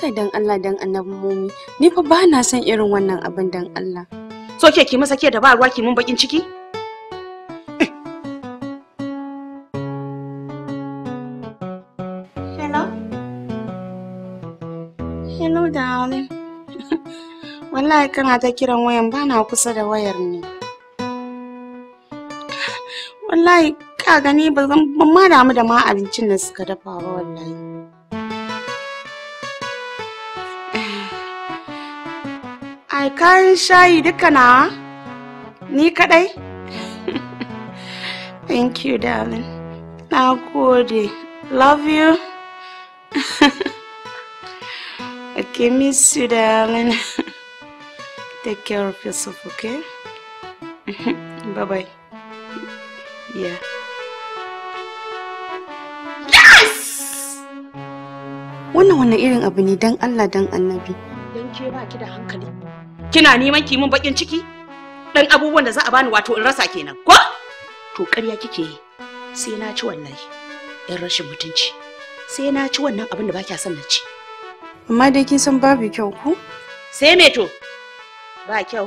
kai dan Allah dan annabin ni fa ba na san irin wannan abin dan Allah so ke ki masa ke da ba ruwa ki mun bakin ciki hello hello darling wallahi kana ta kiran wayan ba na kusa da wayar ne wallahi ka gani ba zan ma damu da ma abincin da suka dafa ba wallahi Ai, kayan shayi duka na Ni kadai Thank you, darling. Na gode. Love you. okay, miss you, darling. Take care of yourself, okay? Bye-bye. yeah. wannan wani irin abu ne don Allah don annabi don ke ba ki da hankali kina neman ki mun bakin ciki dan abubuwan da za a bani wato in rasa kenan ko to ƙarya kike yi sai na ci wannan in rashin mutunci sai na ci wannan abin da ba kya son na ci amma dai kin san babu kyau ku sai me to ba kyau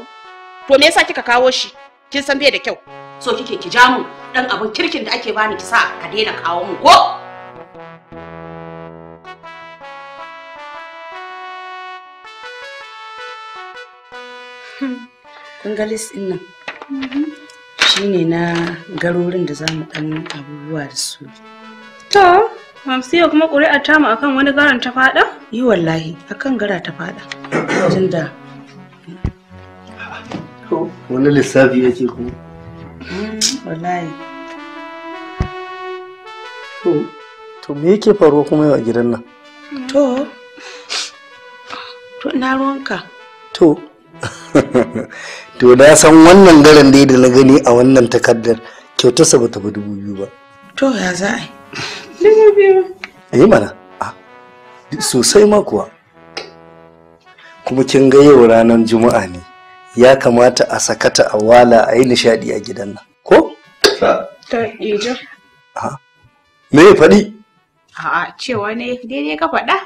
to me yasa kika kawo shi kin san bai da kyau so kike ki ja mu dan abin kirkin da ake bani ki sa ka daina kawo mu ko kun din nan shine na garorin da zamu dan abubuwa da su to ya kuma ta mu akan wani garan ta fada yi wallahi akan gara ta fada tunda wani lissafi yake ku hmm, wallahi to me yake faruwa kuma a gidan nan to to na ruwanka to to da san wannan garin dai da na gani a wannan takardar kyautar ba ta fi dubu biyu ba to ya za a yi dubu biyu eh a yi mana sosai ma kuwa kuma kin ga yau ranar juma'a ne ya kamata a sakata a wala a yi nishadi a gidan nan ko? ta ha me ya faɗi? a cewa ne daidai ka faɗa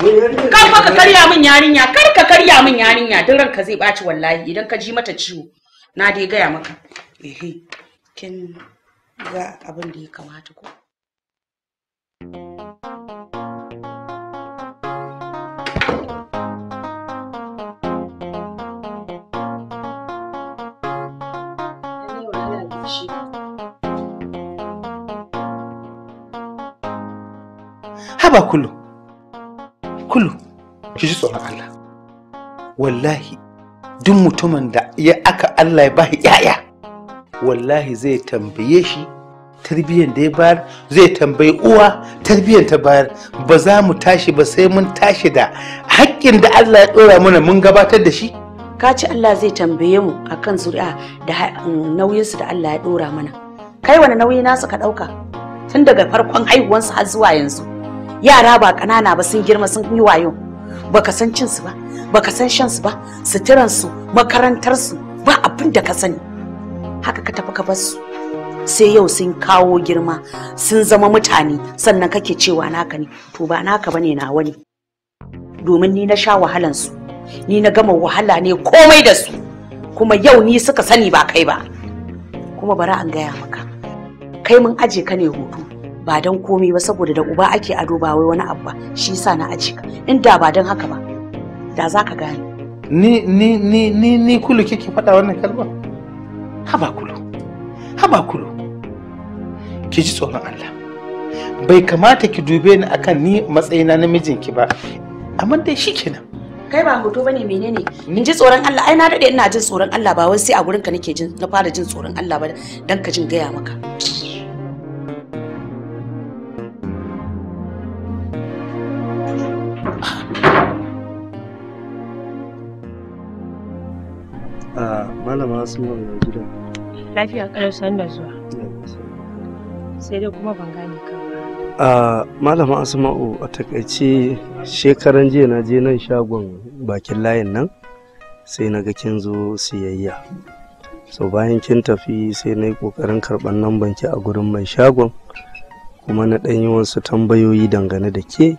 Kar fa ka karya min yarinya, kar ka karya min yarinya, din ranka zai baci wallahi idan ka ji mata ciwo. Na dai gaya maka. Ehe, kin ga abin da ya kamata ko? Haba kullum. Kulu, ki ji tsoron Allah wallahi duk mutumin da ya aka Allah ya bashi yaya wallahi zai tambaye shi tarbiyyar da ya bayar zai tambayi uwa tarbiyyar ta bayar ba za mu tashi ba sai mun tashi da haƙƙin da Allah ya ɗora mana mun gabatar da shi ka ci Allah zai tambaye mu akan zuri'a da um, nauyinsu da Allah ya ɗora mana kai wani nauyi nasu ka ɗauka tun daga farkon haihuwansu har zuwa yanzu yara ba kanana ba sun girma sun yi wayo baka san cin su ba baka san shan su ba suturan su makarantar su ba abin da ka sani haka ka tafi ka bar su sai yau sun kawo girma sun zama mutane sannan kake cewa naka ne to ba naka bane nawa ne domin ni na sha wahalan su ni na gama wahala ne komai da su kuma yau ni suka sani ba kai ba kuma bari an gaya maka kai mun aje ka ne hutu ba don komai ba saboda da uba ake ado ba wai wani abu ba shi yasa na aji ka inda ba don haka ba da za ka gane ni ni ni ni ni kulu kike faɗa wannan kalma haba kulu haba kulu ki ji tsoron Allah bai kamata ki dube ni akan ni matsayina na mijinki ba amma dai shikenan kai ba hoto bane menene in ji tsoron Allah ai na dade ina jin tsoron Allah ba wai sai a gurin ka nake jin na fara jin tsoron Allah ba dan ka jin gaya maka ma ya gida asma'u a takaice shekaran jiya na je nan shagon bakin layin nan sai na ga kin zo siyayya so bayan kin tafi sai na yi ƙoƙarin karɓar namban ki a gurin mai shagon kuma na ɗan yi wasu tambayoyi dangane da ke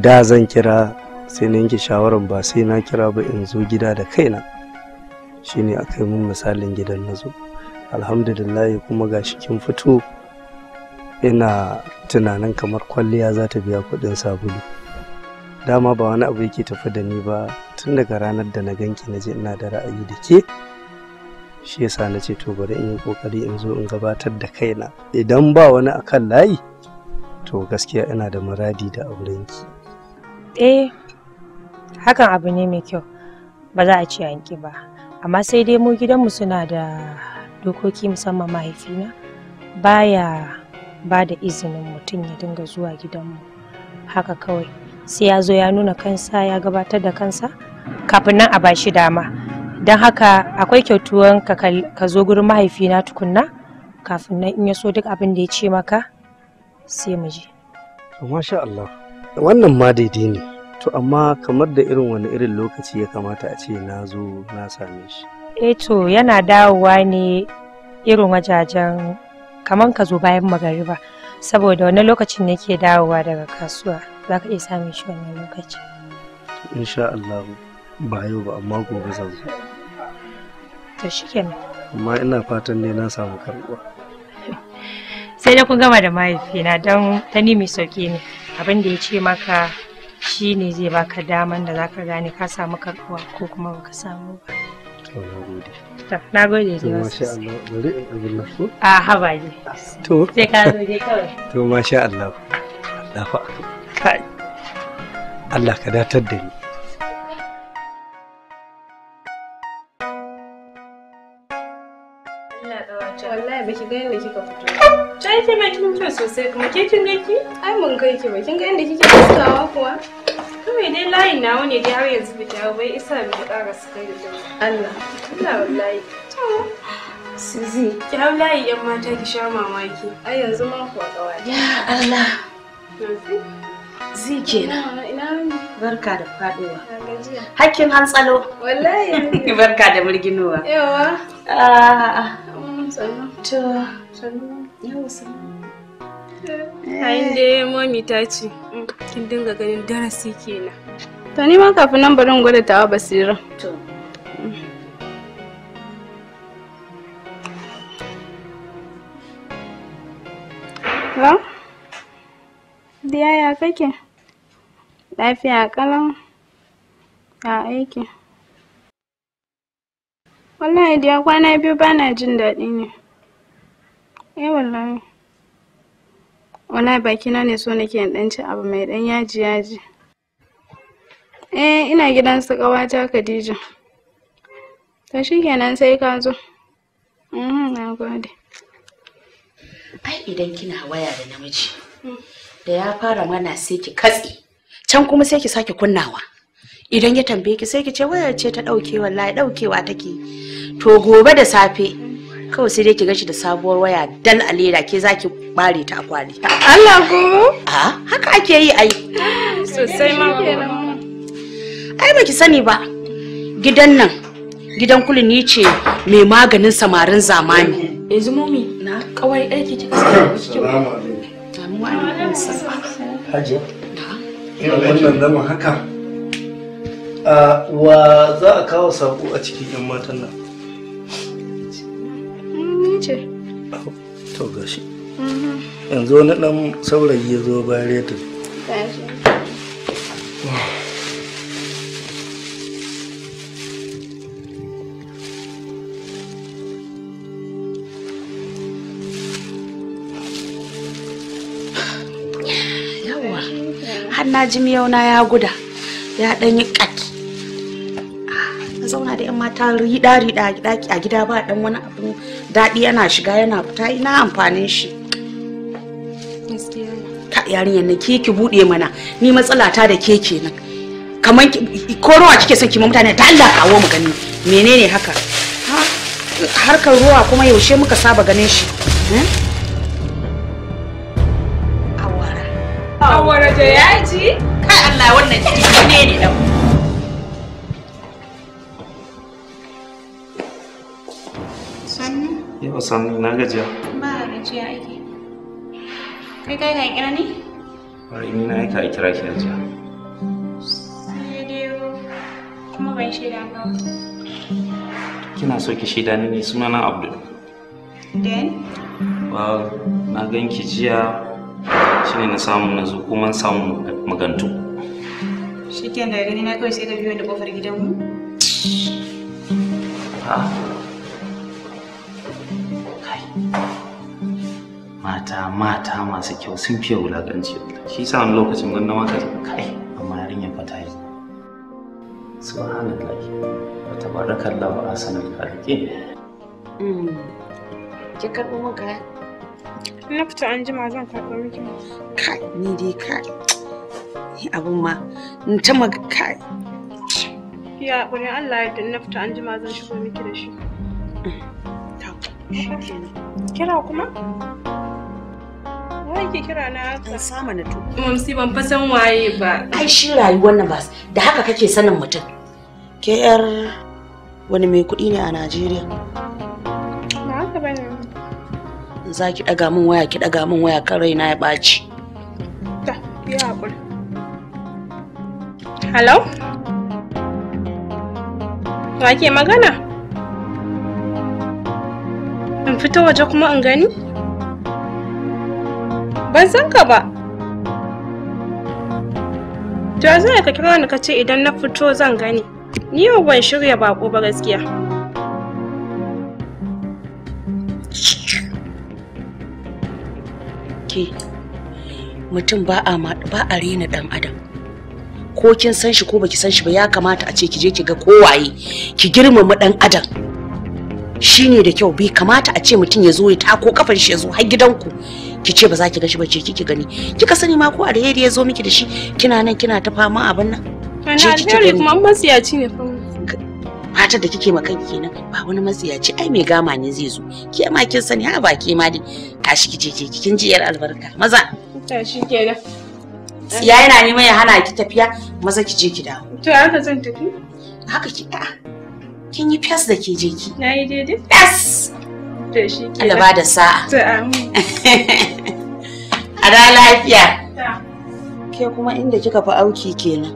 da zan kira sai na yanke shawarar ba sai na kira ba in zo gida da kaina shine a kai mun misalin gidan nazo. zo alhamdulillah kuma ga kin fito ina tunanin kamar kwalliya za ta biya kuɗin sabulu dama ba wani abu yake tafi da ni ba tun daga ranar da na ganki na je ina da ra'ayi da ke shi yasa na ce to bari in yi kokari in zo in gabatar da kaina idan ba wani akan layi to gaskiya ina da muradi da aurenki eh hakan abu ne mai kyau ba za a ce an ki ba amma sai dai mu gidanmu suna da dokoki musamman mahaifina baya ba da izinin mutum ya dinga zuwa gidanmu haka kawai sai ya zo ya nuna kansa ya gabatar da kansa kafin nan a ba shi dama don haka akwai kyautuwan ka zo gurin mahaifina tukunna kafin nan in ya so duk abin da ya ce maka sai mu je. masha Allah wannan ma daidai ne to amma kamar da irin wani irin lokaci ya kamata a ce na zo na same shi E to yana dawowa ne irin wajajen kamar ka zo bayan magariba saboda wani lokacin ne ke dawowa daga kasuwa za ka iya same shi wani lokaci insha Allah ba yau ba amma gobe zan zo to amma ina fatan ne na samu karbuwa sai da kun gama da mahaifina don ta mai sauki ne abin da ya ce maka shi ne zai baka daman da zaka gane ka samu karbuwa ko kuma baka samu ba na gode Na gode. Allah a haba je to sai ka zo je kawai to masha Allah Allah fa kai Allah ka datar da ni wallahi baki ga yadda kika fito Ta yi mai kin kyau sosai kuma ke kin ga ki? Ai mun kai ki ba kin ga inda kike fuskawa kuwa? Kawai dai layin na wani dai har yanzu bai dawo bai isa mu ƙara su kai da Allah. Allah wallahi. Suzi, ki hau layi yan mata ki sha mamaki. Ai yanzu ma kuwa kawai. Ya Allah. Zi kenan. Barka da faduwa. Hakkin hantsalo. Wallahi. Barka da murginowa. Yawa. Ah. Mm, to. Sannu. Ya wasu. Hayin eh. dai mami ta ce, mm, kin dinga ganin darasi kenan. To ni ma kafin nan barin gwada tawa basira. To. Ra? Mm. Diya ya kake? Lafiya kalan? Ya aiki? Wallahi diya kwana biyu bana jin daɗi ne. eh wallahi baki bakina ne so nake in dan ci abu mai dan yaji yaji eh ina gidan su kawata Khadija to shikenan sai ka zo mhm na ai idan kina waya da namiji mm. da ya fara mana sai ki katse can kuma sai ki sake kunnawa idan ya tambaye ki sai ki ce wayar ce ta dauke wallahi daukewa take to gobe da safe kawai sai dai ki gashi da sabuwar waya dal a leda ke zaki bare ta kwali Allah ko a haka ake yi ai sosai ma ai baki sani ba gidan nan gidan kuli ni ce mai maganin samarin zamani yanzu momi na kawai aiki kika salamu alaikum hajiya wannan dama haka wa za a kawo sako a cikin yan matan nan ce to gashi yanzu wani dan saurayi ya zo bare ta na ji miyau na ya guda ya dan yi kat ah, na zauna da yan mata rida rida a gida ba dan wani abu daɗi yana shiga yana fita ina amfanin shi ka yarinyar na ke ki buɗe mana ni matsala ta da ke kenan kamar ko ruwa kike son kima mutane ta Allah kawo mu gani menene haka harkar ruwa kuma yaushe muka saba ganin shi eh? awara awara da yaji kai Allah wannan ne ne dan Sani na gajiya. Ba gajiya ake. Kai kai ka kira ni? Ba ni na aika a kira ki gajiya. Sai dai kuma ban shaida ba. Kina so ki shaida ni ne suna nan Abdul. Den? Ba na gan ki jiya shine na samu na zo kuma samu magantu. Shi daga gani na kawai sai ka biyo da kofar gidanmu? Ah. mata mata masu kyau sun fiye wulaƙanci shi sa wani lokacin waka maka kai amma yarinya ta yi hmm. fita an jima zan in ta maka kai ya ƙuri Allah yadda na fita an jima zan shigo miki da hmm. kira kuma yasa kira na haka? An sama na tuki. Mamsi ban fa san waye ba. Ai shi rayuwar nan ba da haka kake sanin mutum. Ke yar wani mai kuɗi ne a Najeriya. Ba haka bane. Za ki ɗaga min waya ki ɗaga min waya kan raina ya ɓaci. Ta, ya haƙuri. Hello? Wa ke magana? In fito waje kuma in gani? ban san ka ba to yanzu ka kira ni ka ce idan na fito zan gani ni yau ban shirya bako ba gaskiya ke mutum ba a ba a rena ɗan adam ko kin san shi ko baki san shi ba ya kamata a ce ki je ki ga kowaye ki girmama ɗan adam Shi ne da kyau bai kamata a ce mutum ya zo ya tako kafar shi ya zo har gidanku ki ce ba za ki ga shi ba ce kiki gani kika sani ma ko alheri ya zo miki da shi kina nan kina ta fama abin nan ce kike gani kuma masiyaci ne fa fatar da kike ma kanki kenan ba wani matsiyaci ai mai gama ne zai zo ke ma kin sani ha ba ke ma dai tashi ki je ki kin ji yar albarka maza tashi kenan ya yana neman ya hana ki tafiya maza ki je ki dawo to haka zan tafi haka ki a'a kin yi fes da ke je ki na yi daidai fes to shi ke Allah da sa'a to amin da lafiya. Ke kuma inda kika fi auki kenan.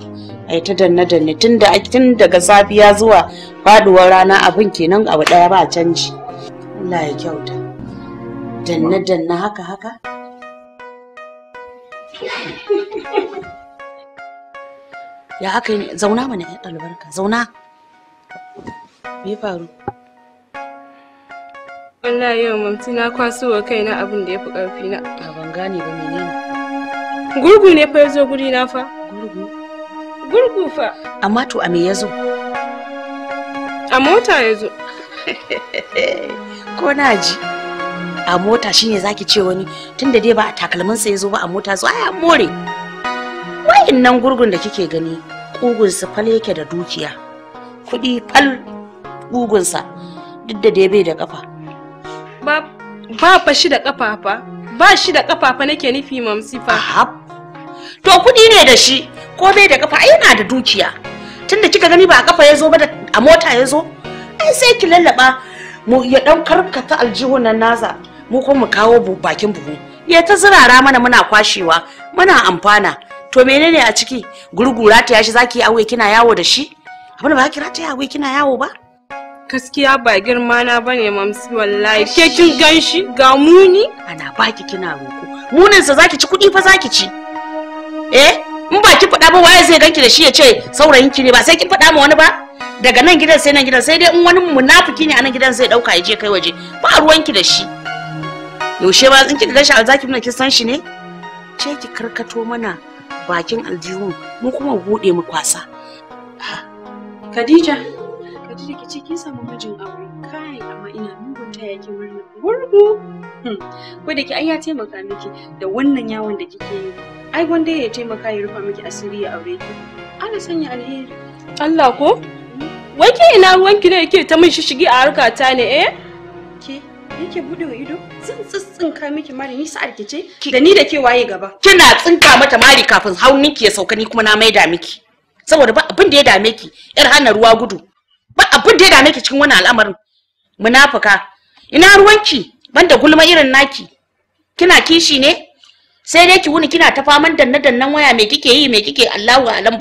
Ai ta danna danne tun da tun daga safiya zuwa faduwar rana abin kenan abu daya ba canji. Allah ya kyauta. Danna danna haka haka. Ya haka zauna mana albarka zauna. Me faru? Allah yau mamti na kwaso wa kaina abin da ya fi ƙarfi na. A ban gane ba menene. Gurgu ne fa ya zo guri na fa. Gurgu? Gurgu fa. Amma to a me ya zo? A mota ya zo. Ko na ji. A mota shine zaki ce wani tunda dai ba a takalminsa ya zo ba a mota zo ai an more. Wayin nan gurgun da kike gani ƙugunsa fal yake da dukiya. Kuɗi fal ƙugunsa duk da dai bai da ƙafa. ba fa shi da kafafa ba shi da kafafa nake nufi mamsi to kudi ne da shi ko bai da kafa yana da dukiya tunda kika gani ba a kafa ya zo ba a mota ya zo ai sai ki lallaba mu ya ta aljihu aljihunan naza mu ko mu kawo bakin buhu ya ta zirara mana muna kwashewa muna amfana to menene a ciki gurgura ta yashi zaki aure kina yawo da shi abin ba kira ta yawo kina yawo ba gaskiya ba girma na bane mamsi wallahi ke kin ganshi ga muni ana baki kina roko munin sa zaki ci kudi fa zaki ci eh in ba ki faɗa ba waye zai ganki da shi ya ce saurayin ki ne ba sai kin faɗa ma wani ba daga nan gidan sai nan gidan sai dai in wani munafiki ne a nan gidan zai dauka ya je kai waje ba ruwanki da shi yaushe ba in da gashi alzaki mun kin san shi ne ce ki karkato mana bakin aljihu mu kuma bude mu kwasa Khadija gaji da kici kin samu mijin aure kai amma ina mugun ta yake murna gurgu hmm. ko da ki ai ya taimaka miki da wannan yawon da kike yi ai wanda ya taimaka ya rufa miki asiri ya aure ki ana sanya alheri Allah ko wai ke ina ruwan ki da yake ta min shishigi a harka ta ne eh ke yake bude wa ido zan tsintsinka miki mari ni sa'ar ki ce da ni da ke waye gaba kina tsinka mata mari kafin hauninki ya sauka ni kuma na maida miki saboda ba abin da ya dame ki yar hana ruwa gudu ba abin da ya nake cikin wannan al'amarin munafuka ina ruwanki banda gulma irin naki kina kishi ne sai dai ki wuni kina ta faman danna dannan waya me kike yi me kike Allahu alam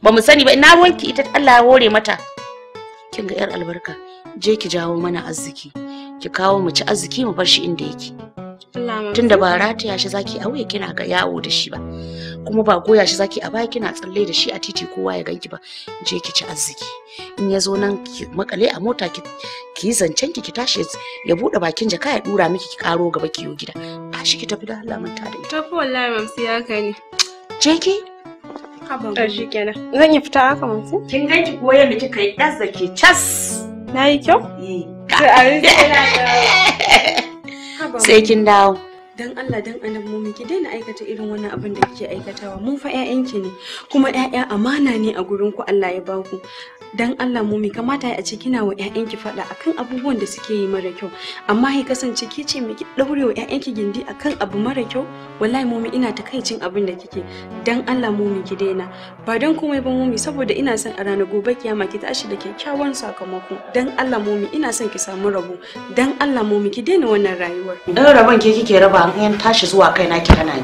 ba mu sani ba ina ruwanki ita Allah ya hore mata kin ga yar albarka je ki jawo mana arziki ki kawo mu ci arziki mu bar shi inda yake tunda ba rataya shi zaki a wuya kina ga yawo da shi ba kuma ba goya shi zaki a baya kina tsalle da shi a titi kowa ya ganki ba je ki ci arziki in ya zo nan ki makale a mota ki ki zancen ki ki tashi ya bude bakin jaka ya dura miki ki karo gaba ki yo gida a shi ki tafi da Allah ta da ita tafi wallahi mam ya haka ne je ki haba shi kenan zan yi fita haka sai kin ganki ko yanda kika yi dazza ke cas nayi kyau eh ka sai kin dan Allah dan annabi ki daina aikata irin wannan abin da kike aikatawa mun fa ƴaƴanki ne kuma ƴaƴa amana ne a gurin ku Allah ya baku dan Allah mumi kamata a ce kina wa ƴaƴanki faɗa akan abubuwan da suke yi mara kyau amma hi kasance k'i ce miki daure wa ƴaƴanki gindi akan abu mara kyau wallahi mumi ina takaicin abin da kike dan Allah mumi ki daina ba dan komai ba mumi saboda ina son a ranar gobe kiyama ki tashi da kyakkyawan sakamako dan Allah mumi ina son ki samu rabo dan Allah mumi ki daina wannan rayuwar dan rabon ke kike raba zuwa tashi zuwa kai na ki hana ni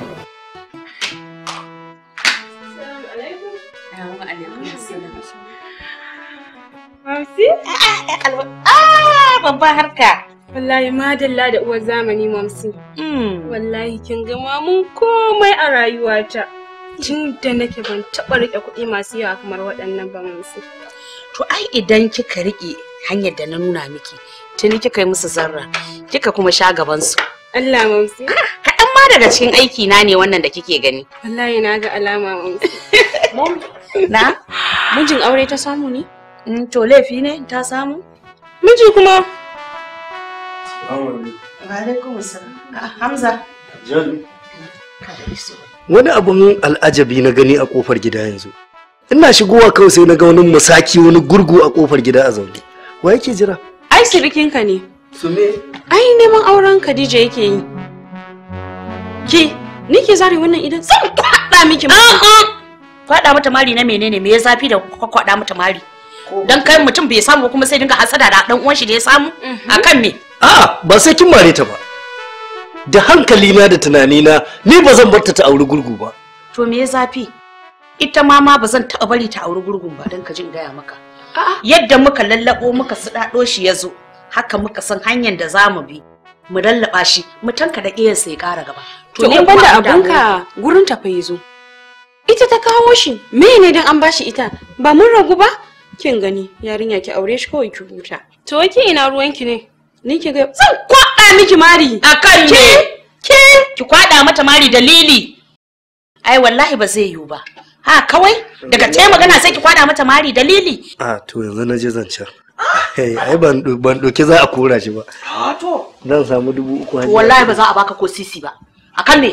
Mamsi? Ah, ah, ah, harka. Wallahi madalla da uwar zamani mamsi. Hmm. Wallahi kin gama mun komai a rayuwata. Tun da nake ban taɓa riƙe kuɗi masu yawa kamar waɗannan ba mamsi. To ai idan kika riƙe hanyar da na nuna miki, tuni kika yi musu zarra, kika kuma sha gabansu. Allah mamsi. Ah, kaɗan ma daga cikin aiki na ne wannan da kike gani. Wallahi na ga alama mamsi. Mom, na? Mijin aure ta samu ne? Mm, to laifi ne ta samu? Miji kuma? Ah, Hamza. Wani abun al'ajabi na gani a kofar gida yanzu. Ina shigowa kawai sai na ga wani musaki wani gurgu a kofar gida a zaune. Wa yake jira? Ai sirikinka ne. Su Ai neman auren Khadija yake yi. Ki, ni ke zare wannan idan zan kwaɗa miki mari. Kwaɗa mata mari na menene me ya zafi da kwaɗa mata mari? Dan kai mutum bai samu kuma sai dinga hasada da dan uwan shi da ya samu mhm. akan me? A'a, ba sai kin mare ta ba. Da hankali na da tunani na ni ba zan barta ta auri gurgu ba. To me ya zafi? Ita ma ma ba zan taɓa bari ta auri gurgun ba don ka jin gaya maka. Yadda muka lallabo muka su ɗaɗo shi ya zo. haka muka san hanyar da za mu bi mu lallaba shi mu tanka da iyansa sai ƙara gaba to ne banda abunka gurin tafi yazo ita ta kawo shi me ne dan an shi ita ba mun ragu ba kin gani yarinya ki aure shi kawai ki huta to ke ina ruwan ki ne ni ki ga zan kwada miki mari akan ne ki ki kwada mata mari dalili ai wallahi ba zai yiwu ba ha kawai daga ce magana sai ki kwaɗa mata mari dalili a to yanzu na je zancen Eh, ai ban doki za a kora shi ba ah, zan samu dubu uku hajji wallahi ba za a baka ko sisi ba a kan ne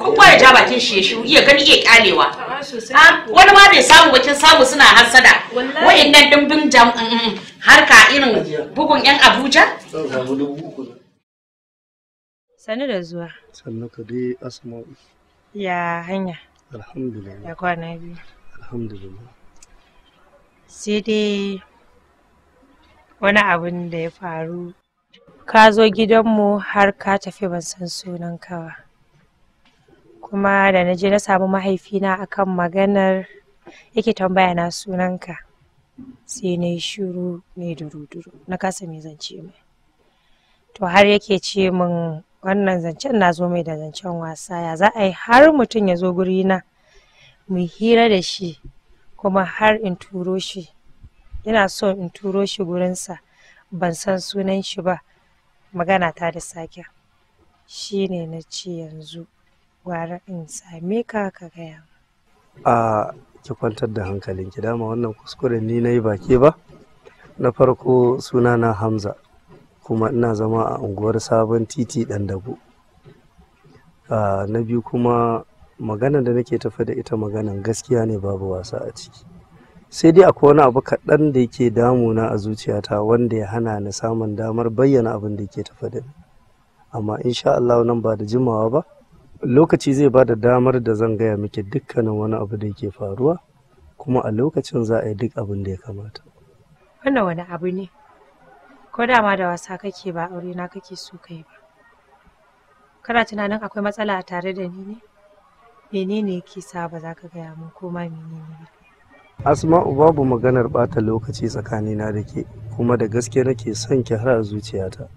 kowa ya ja bakin shi ya shi iya gani iya kyalewa ah, wani ma bai samu bakin samu suna hasada wa'annan dimbin jam mm, mm, mm, harka irin bugun yan abuja sani da zuwa sannu ka dai asma'u ya hanya alhamdulillah ya kwana biyu alhamdulillah sai dai wani abun da ya faru ka zo gidanmu har ka tafi ban san sunanka ba kuma da na je na samu mahaifina akan maganar yake tambaya na sunanka sai na yi shiru ne duruduru na kasa mai zance mai to har yake ce min wannan zancen na zo mai da zancen wasa ya za a yi har mutum ya zo guri na mu hira da shi kuma har in turo shi ina so in turo shi gurinsa ban san sunan shi ba magana ta da sake shi ne na ci yanzu gwara in same ka ka gaya a ki kwantar da hankalin ki dama wannan kuskuren ni na yi baki ba na farko suna na hamza kuma ina zama a unguwar sabon titi dan dago na biyu kuma magana da nake tafa da ita maganan gaskiya ne babu wasa a ciki sai dai akwai wani abu kaɗan da yake damuna a zuciyata wanda ya hana ni samun damar bayyana abin da yake tafa da ni amma insha Allah nan ba da jimawa ba lokaci zai ba da damar da zan gaya miki dukkanin wani abu da yake faruwa kuma a lokacin za a yi duk abin da ya kamata wannan wani abu ne ko dama da wasa kake ba aure na kake so kai ba kana tunanin akwai matsala tare da ni ne menene yake sa ba za ka gaya min ko ma menene ba asma'u babu maganar ɓata lokaci tsakanina da ke kuma da gaske nake son ki har a zuciyata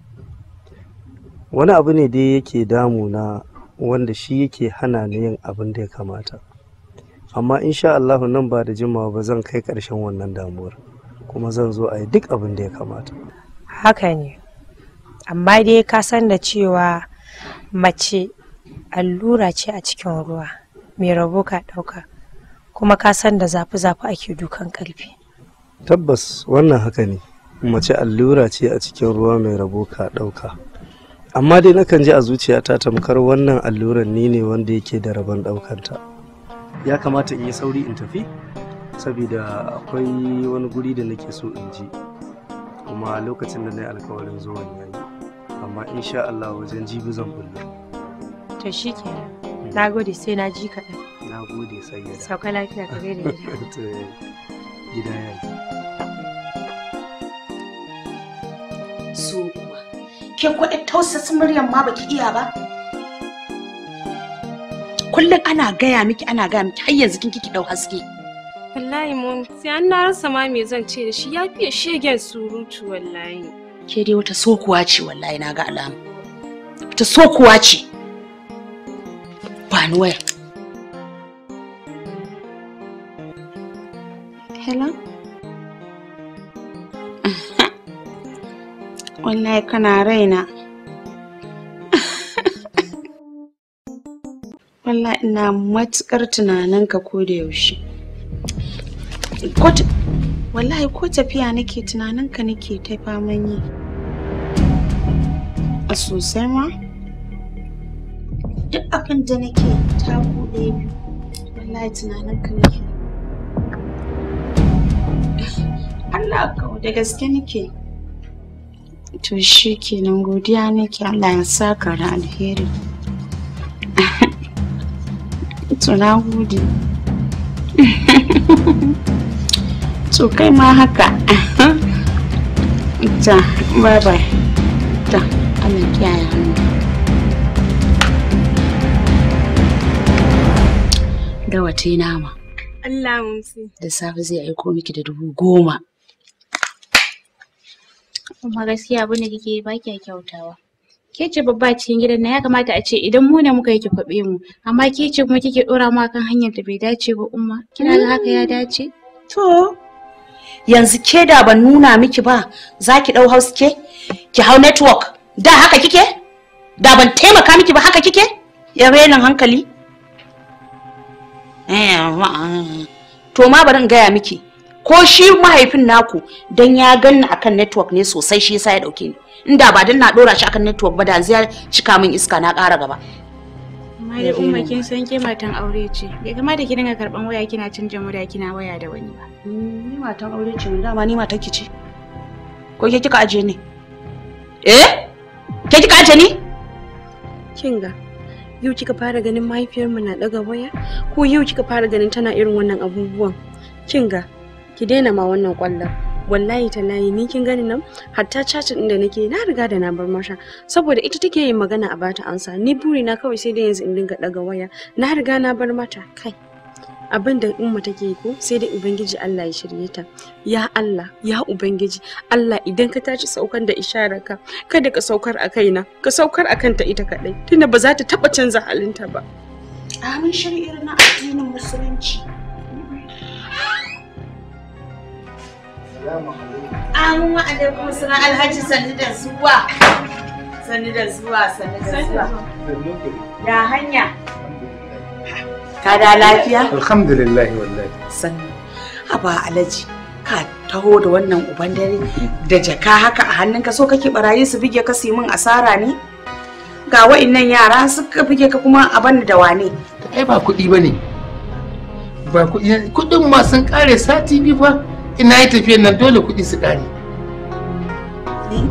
wani abu ne da yake na wanda shi yake hana ni yin abin da ya kamata amma insha Allah nan ba da jimawa ba zan kai ƙarshen wannan damuwar kuma zan zo a yi duk abin da ya kamata haka ne amma dai ka san da cewa mace allura ce a cikin ruwa mai rabo ka ɗauka kuma ka san da zafi-zafi ake dukan karfi. tabbas wannan haka ne mace allura ce a cikin ruwa mai rabo ka ɗauka amma dai nakan ji a zuciyata tamkar wannan alluran ni ne wanda yake da rabon ɗaukanta ya kamata in yi sauri in tafi saboda akwai wani guri da nake so in ji kuma lokacin da na yi alkawarin zuwan yayi amma insha Allah wajen jibi zan bullo to shikenan na gode sai na ji kaɗan na gode sayyada sauka lafiya ka gaida gida gida ya so kuma ke kwaɗa tausasin muryan ma baki iya ba kullum ana gaya miki ana gaya miki har yanzu kin kiki dau haske wallahi mun sai an na rasa ma me zan ce da shi ya fiye shegen surutu wallahi ke dai wata sokuwa ce wallahi na ga alama wata sokuwa ce ba ni waya wallahi kana raina wallahi ina matukar tunaninka ko da yaushe wallahi ko tafiya nake tunaninka nake ta faman yi a sosai ma duk abin da nake ta buɗe biyu wallahi tunaninka nake Allah ka da gaske nake to shi ke nan godiya ne ke allah ya saka da alheri to na gode to kai ma haka ta bye bye ta allah kiyaye hannu gawa ta nama allah mumsi da safe zai aiko miki da dubu goma kuma gaskiya abin da kike yi ba kya kyautawa ke ce babba cikin gidan nan ya kamata a ce idan mu ne muka yi ki kwabe mu amma ke ce kuma kike dora mu akan hanyar da bai dace ba umma kina ga haka ya dace to yanzu ke da ban nuna miki ba za ki dau house ke ki hau network da haka kike da ban taimaka miki ba haka kike ya renin hankali eh, to ma bari in gaya miki ko shi mahaifin naku dan ya ganni akan network ne sosai shi yasa ya dauke ni inda ba dan na dora shi akan network ba da zai cika min iska na ƙara gaba mahaifin kin san ke matan aure ce bai kamata ki dinga karban waya kina canja murya kina waya da wani ba ni matan aure ce dama ni matan ki ce ko ke kika aje ne eh ke kika aje ni kinga yau kika fara ganin mahaifiyarmu na daga waya ko yau kika fara ganin tana irin wannan abubuwan kinga ki daina ma wannan kwallon wallahi ta layi ni kin gani nan hatta caca din da nake na riga da na bar masha saboda ita take yin magana a bata ansa ni buri na kawai sai dai yanzu in dinga daga waya na riga na bar mata kai abin da umma take yi ko sai da ubangiji Allah ya shirye ta ya Allah ya ubangiji Allah idan ka tashi saukar da isharaka kada ka saukar a kaina ka saukar a kanta ita kadai tunda ba za ta taba canza halinta ba amin shari'ar na addinin musulunci Amin wa kuma suna Alhaji sanni da zuwa. Sanni da zuwa, sanni da zuwa. Ya hanya. Ka da lafiya? Alhamdulillah wallahi. Sanni. Haba Alhaji, ka taho da wannan uban dare da jaka haka a hannunka so kake barayi su bige ka su min asara ne? Ga wa'innan yara suka bige ka kuma a bani da wane. Ai ba kuɗi ba ne. Ba kuɗi, kuɗin ma sun ƙare sati biyu fa. ina yi tafiyan nan dole kuɗi su ƙare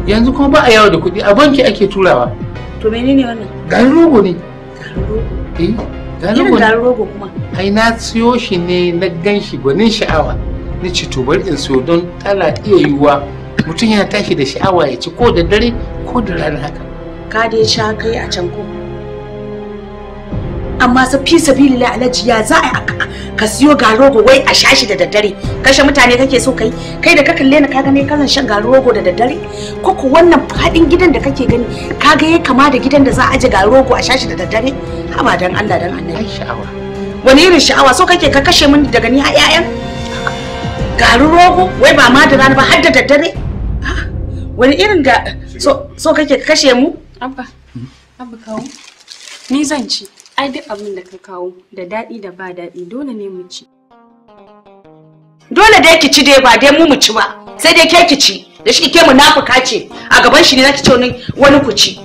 yanzu kuma ba a yawo da kuɗi a banki ake turawa to menene wannan garin rogo ne garin rogo eh, garin rogo kuma ai na siyo shi ne na gan shi gwanin sha'awa na ci to bari in siyo don tana iya yiwuwa mutum yana tashi da sha'awa ya ci ko da dare ko da rana haka ka dai sha kai a can ko amma sa fi sabilillah alaji ya za a ka siyo garogo wai a shashi da daddare kashe mutane kake so kai kai da ka kalle ni ka gane kalan shan garogo da daddare ko ku wannan fadin gidan da kake gani ka ga ya kama da gidan da za a aje garogo a shashi da daddare haba dan Allah dan Annabi sha'awa wani irin sha'awa so kake ka kashe min daga ni a ƴaƴan garin rogo wai ba ma da rana ba har da daddare wani irin ga so kake ka kashe mu abba abba kawo ni zan ci Ai duk abin da ka kawo da daɗi da ba daɗi dole ne mu ci. Dole dai ki ci dai ba dai mu mu ci ba sai dai ke ki ci da shi ke munafuka ce a gaban shi ne zaki ce wani ku ci.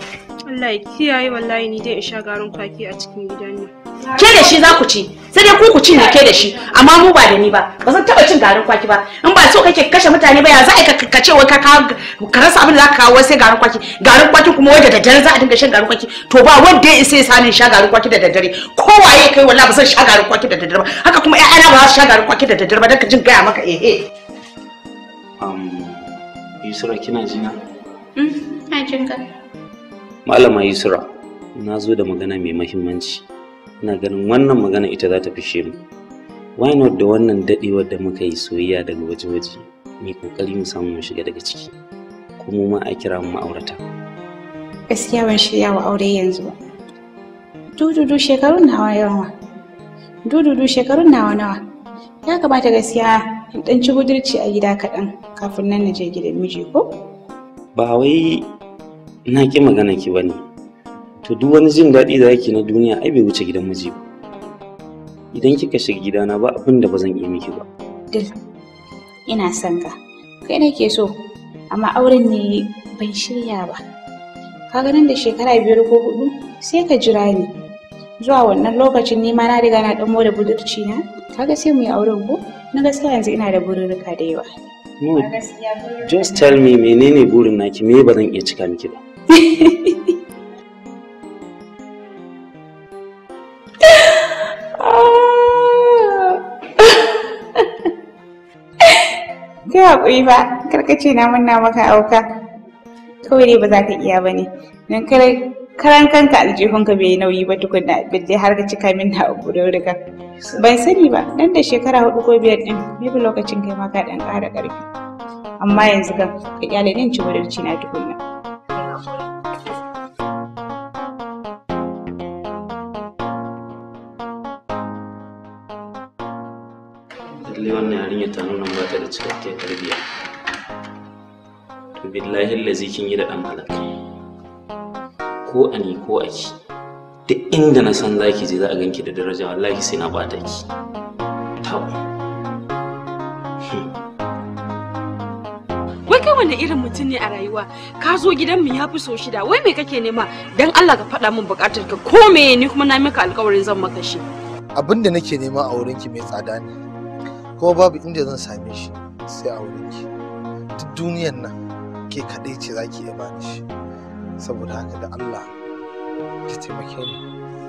Allah ya kiyaye wallahi ni dai in sha garin kwaki a cikin gidan nan. Ke da shi za ku ci, sai dai ku ku ci ne ke da shi, amma mu ba da ni ba, ba zan taɓa cin garin kwaki ba. In ba so kake kashe mutane ba ya za a ka ce wai ka ka rasa abin da za ka kawo sai garin kwaki. Garin kwaki kuma wanda da daddare za a dinga shan garin kwaki, to ba wanda ya isa ya sani sha garin kwaki da daddare. Kowaye kai wallahi ba zan sha garin kwaki da daddare ba. Haka kuma ƴaƴana ba za su sha garin kwaki da daddare ba don ka jin gaya maka ehe. Yusra kina jina? Hmm, na jin ka. malama yusra na zo da magana mai mahimmanci ina ganin wannan magana ita za ta fishe mu why not da wannan dadewar da muka yi soyayya daga waje-waje mai kokari mu samu mu shiga daga ciki kuma ma a kira mu ma'aurata gaskiya ban shirya wa aure yanzu ba dududu shekarun nawa yawa dududu shekarun nawa nawa ya kamata gaskiya in dan ci budurci a gida kaɗan kafin nan na je gidan miji ko ba wai na ki magana ki bane to duk wani jin daɗi da yake na duniya ai bai wuce gidan miji idan kika shiga gidana ba abin da ba zan yi miki ba dil ina son ka kai nake so amma auren ne ban shirya ba ka ga nan da shekara biyar ko hudu sai ka jira ni zuwa wannan lokacin ni ma na riga na dan da budurci na kaga sai mu yi auren ko na gaskiya yanzu ina da bururuka da yawa just tell me menene burin naki me ba zan iya cika miki ba Kai haƙuri ba, karkace na munna maka auka. Kawai dai ba za ka iya ba ne, don karan kanka aljihunka bai yi nauyi ba da balle har ka cika min na abu da riga. sani ba, nan da shekara hudu ko biyar ɗin, maybe lokacin kai ma ka ɗan ƙara ƙarfi. Amma yanzu ka, ka ƙyale ɗin ci na tukunna. kalli wannan yarinya ta nuna ba ta da cikakkiyar tarbiyya to billahi lazi kin yi da dan halak ko ani ko a ki duk inda na san zaki je za a ganki da daraja wallahi sai na bata ki tabu hmm. wai kai wanda irin mutum ne a rayuwa ka zo gidanmu ya fi so shida wai me kake nema dan Allah ka faɗa min buƙatar ka ko me ni kuma na maka alƙawarin zan maka shi abin nake nema a wurinki mai tsada ne ko babu inda zan same shi sai a wurin ki duk duniyan nan ke kaɗai ce za ki iya bani shi saboda haka da Allah ki taimake ni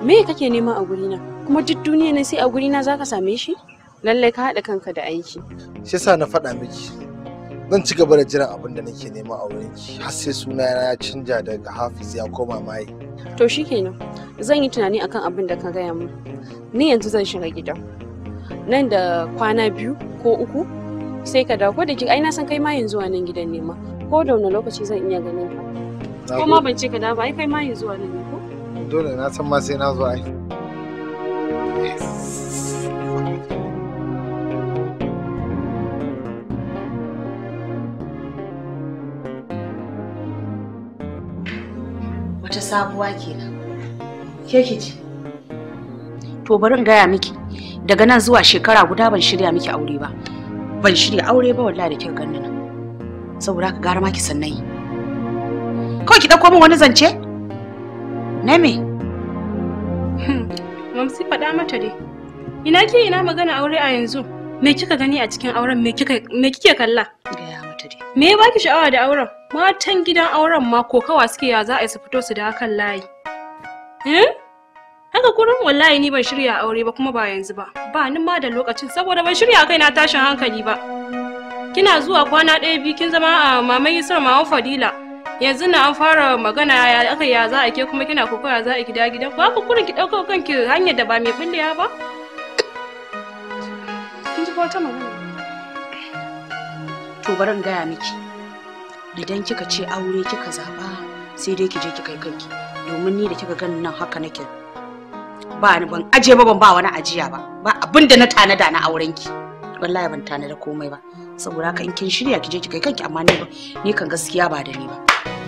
me kake nema a gurina kuma duk duniyar nan sai a gurina za ka same shi lallai ka haɗa kanka da aiki shi yasa na faɗa miki zan ci gaba da jiran abin da nake nema a wurin ki har sai suna ya canja daga hafiz ya koma mai to shikenan zan yi tunani akan abin da ka gaya min ni yanzu zan shiga gidan. nan da kwana biyu ko uku sai ka dawo ko da ai na san kai ma yanzu a nan gidan ne ma ko da wani lokaci zan iya ganin ka ko ma ban ce ka dawo ba ai kai ma yanzu a nan ne ko dole na san ma sai na zo ai wata sabuwa kenan ke ki ji to bari in gaya miki daga nan zuwa shekara guda ban shirya miki aure ba ban shirya aure ba wallahi da kika ganni saboda ka gara ma ki san kawai ki dauko min wani zance na me mamsi hmm, faɗa mata dai ina ke ina magana aure a yanzu me kika gani a cikin auren me kika me kike kalla gaya mata dai me ya baki sha'awa da auren matan gidan auren ma kokawa suke ya za a su fito su da hakan layi eh haka kurin wallahi ni ban shirya aure ba kuma ba yanzu ba ba ni ma da lokacin saboda ban shirya kai na tashin hankali ba kina zuwa kwana ɗaya biyu kin zama a ah, mamayi yusar mawan fadila yanzu na an fara magana ya aka ya za a ke kuma kina kokawa za a gida gida ku haka kurin ki kanki hanyar da ba mai bullewa ba kin ji wata magana to bari in gaya miki idan kika ce aure kika zaba sai dai kije je ki kai kanki domin ni da kika ganin nan haka nake ba ni ban aje ba ban ba wani ajiya ba ba abin da na tanada na auren ki wallahi ban tanada komai ba saboda haka in kin shirya ki je ki kai kanki amma ni ba ni kan gaskiya ba da ni ba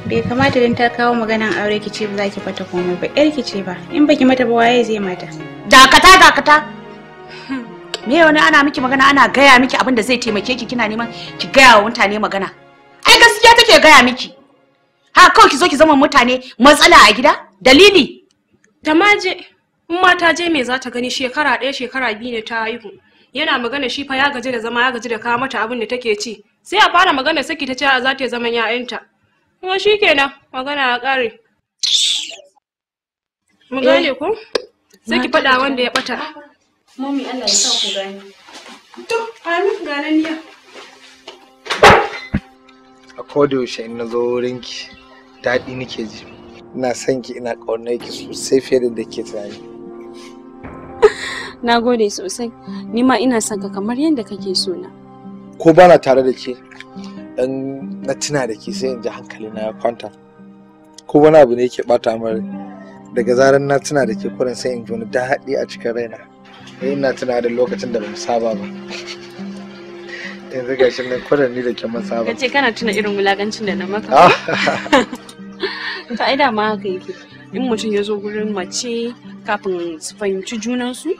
bai kamata dan ta kawo maganan aure ki ce ba za ki fata komai ba yar ki ce ba in baki mata ba waye zai mata dakata dakata me wani ana miki magana ana gaya miki abin da zai taimake ki kina neman ki gaya wa mutane magana ai gaskiya take gaya miki ha kawai ki zo ki zama mutane matsala a gida dalili tamaje in ma ta je me za ta gani shekara ɗaya shekara biyu ne ta haihu yana magana shi fa ya gaji da zama ya gaji da kawo mata abin da take ci sai a fara magana saki ta ce za ta zaman ya'yanta kuma kenan magana ya ƙare mu eh, gane ku sai ki faɗa wanda ya ɓata mami Allah ya sa ku gani to amin ga nan ya a koda yaushe in na zo ki daɗi nake ji ina son ki ina ƙaunar ki sosai fiye da da ke tunani na gode sosai ni ma ina son ka kamar yadda kake so na ko ba na tare da ke dan na tuna da ke sai in ji hankali na ya kwanta ko wani abu ne yake bata amare, daga zarar na tuna da ke kurin sai in ji wani daɗi a cikin raina ina tuna da lokacin da mu saba ba yanzu ga shi nan kurin ni da ke mun saba kace kana tuna irin wulagancin da na maka ah. to ai da ma haka yake in mutum ya zo gurin mace kafin su fahimci junansu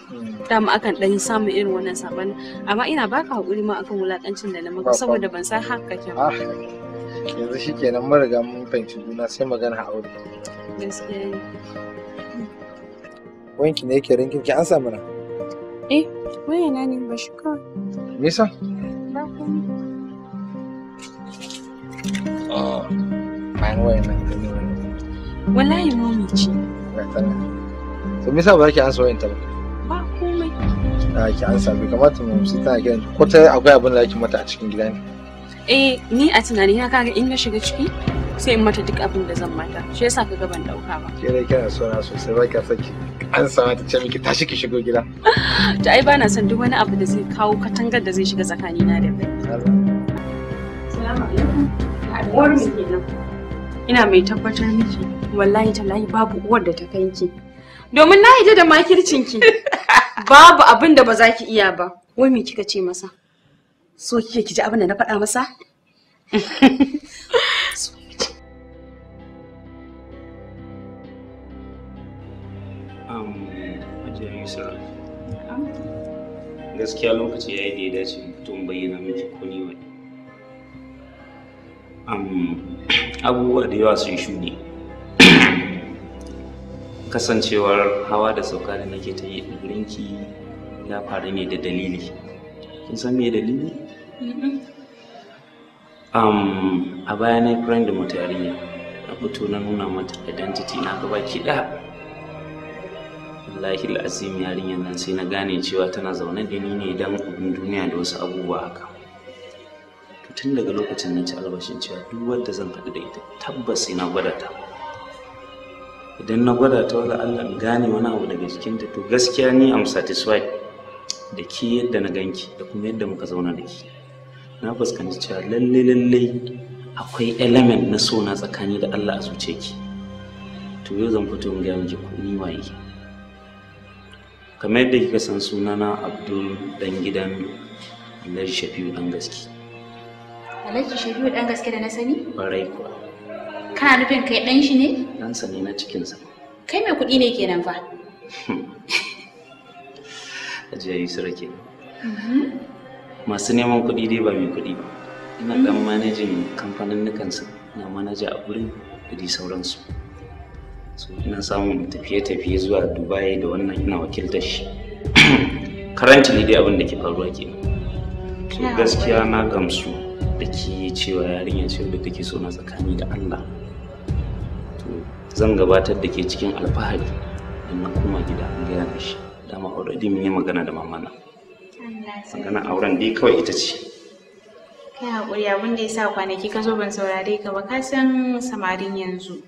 mu akan dan samun irin wannan saban amma ina baka hakuri ma akan wulakancin da na maka saboda ban san haka kyan ba ah, yanzu shikenan mun riga mun fahimci juna sai magana aure gaskiya ne wanki ne yake rinkin ki an samu na eh wayana ne ba shi kawai me yasa ba komai ah bayan wayanan wallahi momi ce to me sa ba ki ansa wayanta ba ba komai a ki ansa bai kamata mu sai tana gidan ko ta akwai abin da yake mata a cikin gidan ne eh ni a tunani na kaga in na shiga ciki sai in mata duk abin da zan mata shi yasa kaga ban dauka ba ke dai kina so na sosai ba ki saki an sama ta ce miki tashi ki shigo gida to ai bana son duk wani abu da zai kawo katangar da zai shiga tsakanina da kai salamu alaikum haɗuwar mu kenan ina mai tabbatar miki wallahi talahi babu uwar da ta kai ki domin na hita da makircin ki babu abin da ba za ki iya ba wai me kika ce masa so kike ki ji abin da na faɗa masa gaskiya lokaci ya yi da ya dace mutum bayyana miki ko ni wani Um, abubuwa da yawa sun shuɗe kasancewar hawa da sauka da nake ta yi ɗinki ya faru ne da dalili kin san me dalili mm-hmm. um, a baya na yi friend da mata yarinya na fito na nuna mata identity na gaba ki ɗaya lahil al'azim yarinyar nan sai na gane cewa tana zaune da ni ne don abin duniya da wasu abubuwa haka tun daga lokacin na ci albashin cewa duk wanda zan haɗu da ita tabbas ina gwada ta idan na gwada ta wala Allah in gane wani abu daga jikinta to gaskiya ni am satisfied da ke yadda na ganki da kuma yadda muka zauna da ki na fuskanci cewa lalle lalle akwai element na so na tsakani da Allah a zuce ki to yau zan fito in gaya miki ko ni waye kamar yadda kika san sunana Abdul dan gidan Alhaji Shafiu dan gaskiya Alhaji Shehu dan gaske da na sani? Barai kuwa. Kana nufin kai dan shi ne? Dan sa ne na cikin sa. Kai mai kuɗi ne kenan fa. Hmm. yi Yusra ke. Mm-hmm. Masu neman kuɗi dai ba mai kuɗi ba. Ina mm-hmm. dan manajin kamfanin nukansa, ina manaja a gurin da dai sauransu. So ina samun tafiye-tafiye zuwa Dubai da wannan ina wakiltar shi. Currently dai abin da ke faruwa ke. So gaskiya na gamsu. da ke cewa yarinya ce da take so na tsakani da Allah to zan gabatar da ke cikin alfahari in na koma gida an gaya da shi dama already mun yi magana da mamana magana auren dai kawai ita ce kai haƙuri abin da ya sa kwanaki ka zo ban saurare ka ba ka san samarin yanzu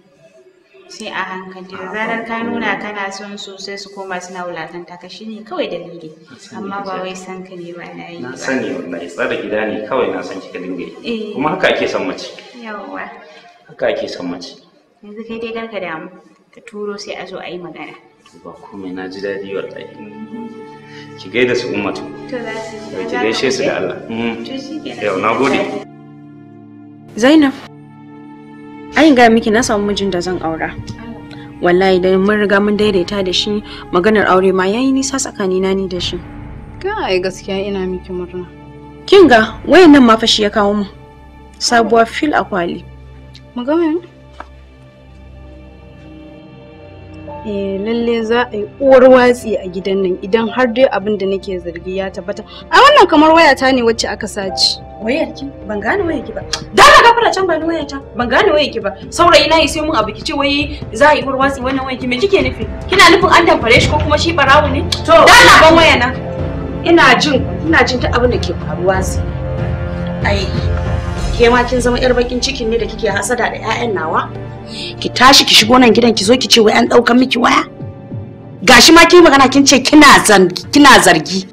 sai a hankali da zarar ka nuna kana son su sai su koma suna wulakanta ka shine kawai dalili amma ba wai san ka ne ba na yi na sani wallahi tsara gida ne kawai na san kika dinga yi eh. kuma haka ake son mace yawwa haka ake son mace yanzu kai dai da damu ka turo sai a zo a yi magana ba komai na ji daɗi wallahi ki gaida su ummatu to za su ki gaishe su da Allah to shi yau na gode Zainab Ai ga miki na samu mijin da zan aura. Wallahi dan mun riga mun daidaita da shi maganar aure ma yayi nisa tsakani na ni da shi. Kai gaskiya ina miki murna. Kin ga wayannan ma fashi ya kawo mu. Sabuwa fil akwali. kwali eh lalle za a yi uwar watsi a gidan nan idan har dai abin da nake zargi ya tabbata a wannan kamar wayata ne wacce aka saci wayar ki ban gane wayar ki ba da na ga fara can ba wayar ta ban gane wayar ki ba saurayi na yi sai mun abu kici wai za a yi uwar watsi wannan wayar ki me kike nufi kina nufin an tamfare shi ko kuma shi barawo ne to da na ban waya na ina jin ina jin ta abin da ke faruwa sai ai ke ma kin zama yar bakin cikin ne da kike hasada da ƴaƴan nawa ki tashi ki shigo nan gidan ki zo ki ce wai an ɗaukan miki waya gashi ma kin magana kin ce kina kina zargi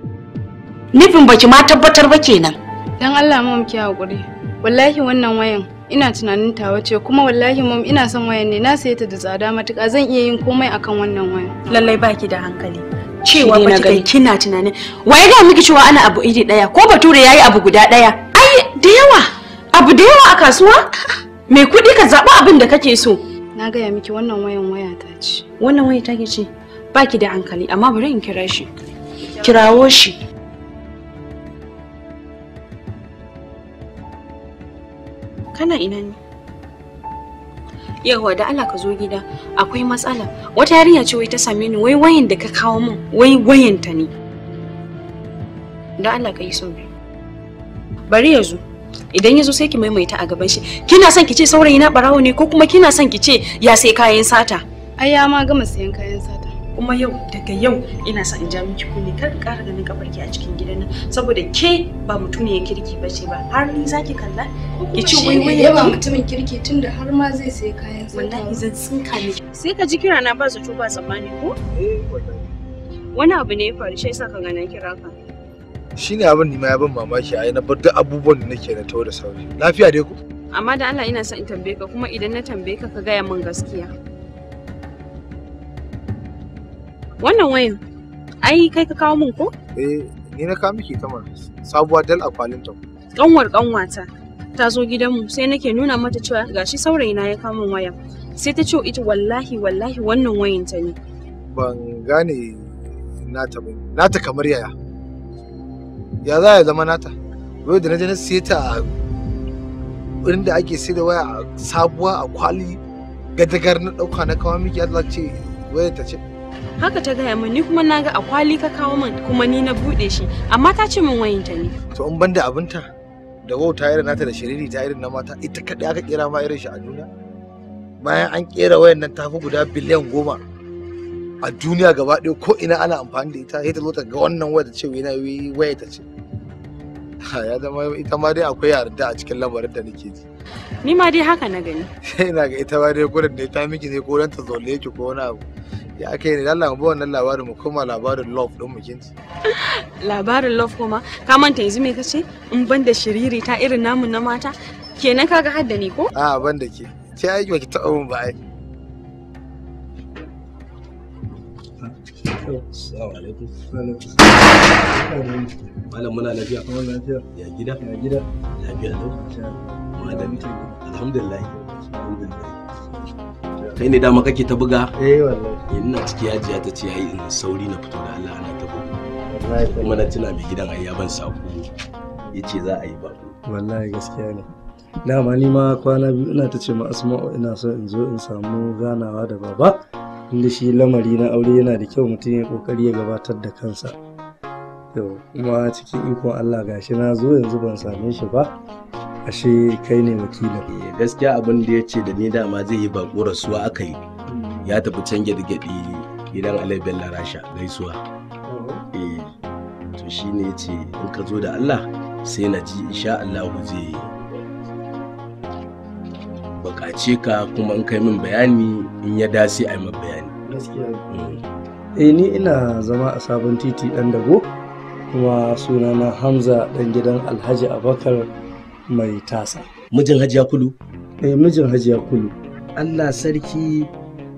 nufin baki ma tabbatar ba kenan dan Allah mam ki hakuri wallahi wannan wayan ina tunanin ta wace kuma wallahi mom ina son wayan ne na saye ta da tsada matuƙa zan iya yin komai akan wannan wayan lallai baki da hankali cewa ba kai kina tunanin waye ga miki cewa ana abu iri daya ko bature yayi abu guda daya ai da yawa abu da yawa a kasuwa Me kuɗi ka zaɓi abin da kake so. Na gaya miki wannan wayan waya ta ce. Wannan waya ta ce ba ki da hankali amma bari in kira shi. Kirawo shi. Kana ina ne? Yawwa da Allah ka zo gida akwai matsala wata yarinya ce wai ta same ni wai wayan da ka kawo min wai wayanta ne. Da Allah ka yi sauri. Bari ya zo. idan yazo sai ki maimaita a gaban shi kina son ki ce saurayi na barawo ne ko kuma kina son ki ce ya sai kayan sata ai ya ma gama sayan kayan sata kuma yau daga yau ina son in ja miki kunne kar ki ƙara ganin kafarki a cikin gidan nan saboda ke ba ya kirki ba ce ba har ni zaki kalla ki ci wai wai yawa mutumin kirki tunda har ma zai sai kayan sata wallahi zan tsinka ne sai ka ji kira na ba su ba tsammani ko eh, wani abu ne ya faru shi yasa ka ga kira ka shine abin nima ya ban mamaki ai na bar duk abubuwan da nake na tawo da sauri lafiya dai ku amma da Allah ina son in tambaye ka kuma idan na tambaye ka ka gaya min gaskiya wannan wayan ai kai ka kawo min ko eh ni na kawo miki ta mana sabuwa dal a kwalin ta kanwar kanwata ta zo gidanmu sai nake nuna mata cewa gashi saurayina ya kawo min wayan sai ta ce ita wallahi wallahi wannan wayan ta ne ban gane nata ba nata kamar yaya ya za a zama nata wai da na je na siye ta a wurin da ake sai da waya a sabuwa a kwali gadagar na dauka na kawo miki Allah ce waya ta ce haka ta gaya min ni kuma na ga a kwali ka kawo min kuma ni na bude shi amma ta ce min wayin ta ne to in banda abinta da ta irin nata da shiriri ta irin na mata ita kadai aka kera ma irin shi a duniya bayan an kera wayan nan tafi guda biliyan goma a duniya gaba ɗaya ko ina ana amfani da ita sai ta zo ta ga wannan waya ta ce wai na waya ta ce ya zama ita ma dai akwai yarda a cikin lamarin da nake ji ni ma dai haka na gani ina ga ita ma dai gurin da ta miki ne ko dan ta zolle ki ko wani abu ya aka yi ne mu ba wannan labarin mu kuma labarin love din mu kinci labarin love kuma ka manta yanzu me kace in ban da shiriri ta irin namu na mata kenan kaga hadda ni ko a ban da ke ce ai ba ki taɓa mun ba ai Assalamu alaikum. Malam muna lafiya. Muna lafiya. Ya gida? Ya gida. Lafiya lau. Malam alhamdulillah. Alhamdulillah. Kai ne dama kake ta buga? Eh wallahi. Ina ciki yajiya ta ce yayi sauri na fito da Allah ana ta buga. Kuma na tuna mai gidan ayya ban sako. Yace za a yi ba. Wallahi gaskiya ne. Na ma ni ma kwana biyu ina ta ce ma Asma'u ina so in zo in samu ganawa da baba. da shi lamari na aure yana da kyau mutum ya kokari ya gabatar da kansa yau kuma cikin ikon Allah gashi na zo yanzu ban same shi ba ashe kai ne wakilin eh, gaskiya abin da ya ce da ni dama zai yi bako rasuwa aka yi hmm. ya tafi can gyaɗi gidan alaibin larasha gaisuwa oh. eh to shine ya ce in ka zo da Allah sai na ji insha Allah zai buƙace ka kuma in kai min bayani in ya dace a yi bayani mm. eh ni ina zama a sabon titi ɗan dago kuma sunana hamza ɗan gidan alhaji abakar mai tasa mijin hajiya kulu eh mijin hajiya kulu allah sarki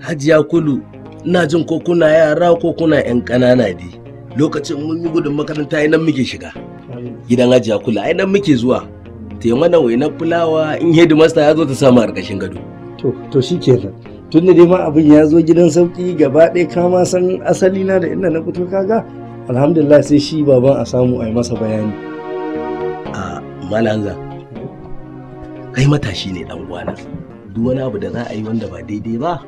hajiya kulu ina jin ko kuna yara ko kuna yan ƙanana dai lokacin mun yi gudun makaranta nan muke shiga gidan hajiya kulu ai nan muke zuwa ta yi mana wainar fulawa in hedimasta ya zo ta samu a gado to to shi kenan tun da dai ma abin ya zo gidan sauki gaba ɗaya kama san asali na da inda na fito kaga alhamdulillah sai shi baban a samu a yi masa bayani a malanza kai matashi ne dan uwana duk wani abu da za a yi wanda ba daidai ba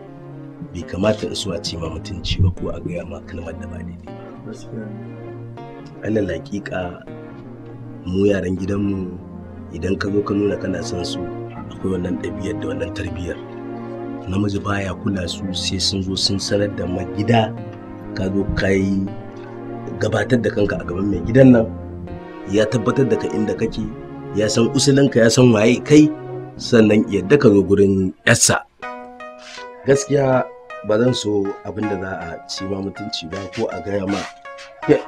bai kamata in so a ce ma mutunci ba ko a gaya ma kalmar da ba daidai ba alal hakika mu yaran gidanmu idan ka zo ka nuna kana son su akwai wannan ɗabi'ar da wannan tarbiyyar namiji ya kula su sai sun zo sun sanar da mai gida ka zo ka yi gabatar da kanka a gaban mai gidan nan ya tabbatar da ka inda kake ya san usulinka ya san waye kai sannan yadda ka zo gurin yarsa gaskiya ba zan so abin da za a ci ma mutunci ba ko a gaya ma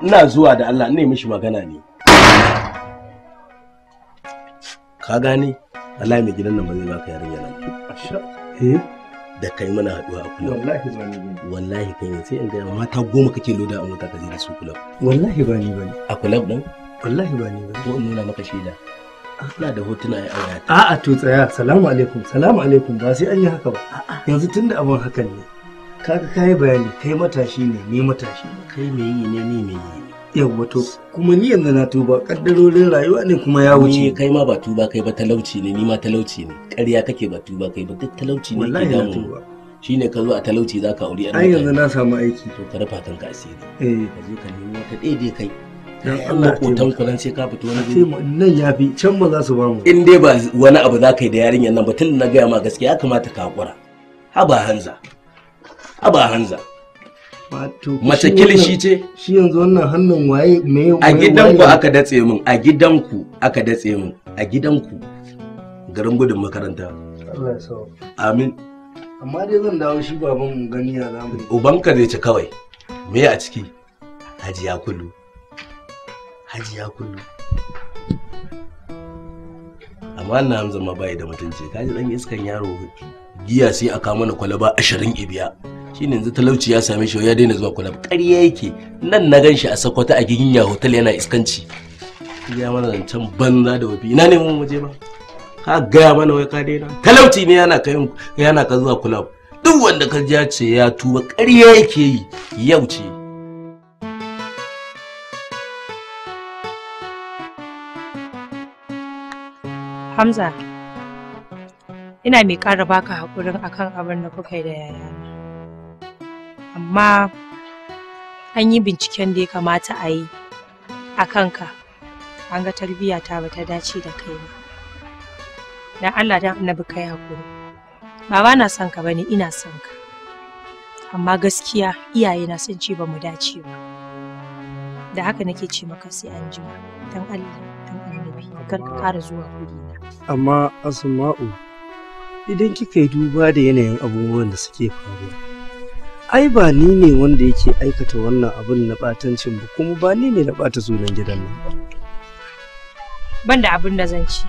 ina zuwa da Allah ne mishi magana ne ka gane wallahi mai gidan nan ba zai baka yarinya nan eh da kai muna haduwa a kullum wallahi ba ni wallahi kai sai in ga mata goma kake loda a mota ka je da su kullum wallahi ba ni ba a kullum din wallahi ba ni ba ko in nuna maka shaida ana da hotuna a aura ta a'a to tsaya salamu alaikum salamu alaikum ba sai an yi haka ba yanzu tunda abin hakan ne kaga kai bayani kai matashi ne ni matashi ne kai me yi ne ni me yi yawwa to kuma ni yanzu na tuba kaddarorin rayuwa ne kuma ya wuce ni kai ma ba tuba kai ba talauci ne ni ma talauci ne ƙarya kake ba tuba kai ba duk talauci ne ke damu shine ka zo a talauci za ka auri ai yanzu na samu aiki to ka rufa kanka asiri eh ka zo ka nemi wata daidai kai dan Allah ko tankulan sai ka fito wani sai nan yafi can ba za su ba mu in dai ba wani abu za ka yi da yarinyar nan ba tun na gaya ma gaskiya ya kamata ka hakura haba hanza haba hanza mace kilishi ce shi yanzu wannan hannun waye me a gidanku aka datse min a gidanku aka datse min a gidanku garin gudun makaranta amin amma dai zan dawo shi baban mu gani ya zamu ubanka zai ci kawai me a ciki hajiya kullu hajiya kullu amma na hamza ma bai da mutunci kaji dan iskan yaro giya sai aka mana kwalaba 20 ibiya shine yanzu talauci ya same shi ya daina zuwa kulab ƙarya yake nan na gan shi a sakwata a ya hotel yana iskanci ya mana zancen banza da wafi ina neman waje ba ka gaya mana wai ka daina talauci ne yana kai yana ka zuwa kulab duk wanda ka ja ce ya tuba ƙarya yake yi yau ce Hamza, ina mai ƙara baka haƙurin akan abin da kuka yi da yayana. amma an yi binciken da ya kamata a yi a kanka an ga tarbiyyata ta ba ta dace da kai ba dan Allah don annabi kai hakuri ba ba na son ka ba ne, ina son ka amma gaskiya iyaye na son ce ba mu dace ba da haka nake ce maka sai an ji ba Don Allah don annabi kar ka kara zuwa guri na amma asma'u idan kika yi duba da yanayin abubuwan da suke faruwa ai ba ni ne wanda yake aikata wannan abin na batancin ba kuma ba ni ne na bata sunan gidan nan ba ban abin da zan ci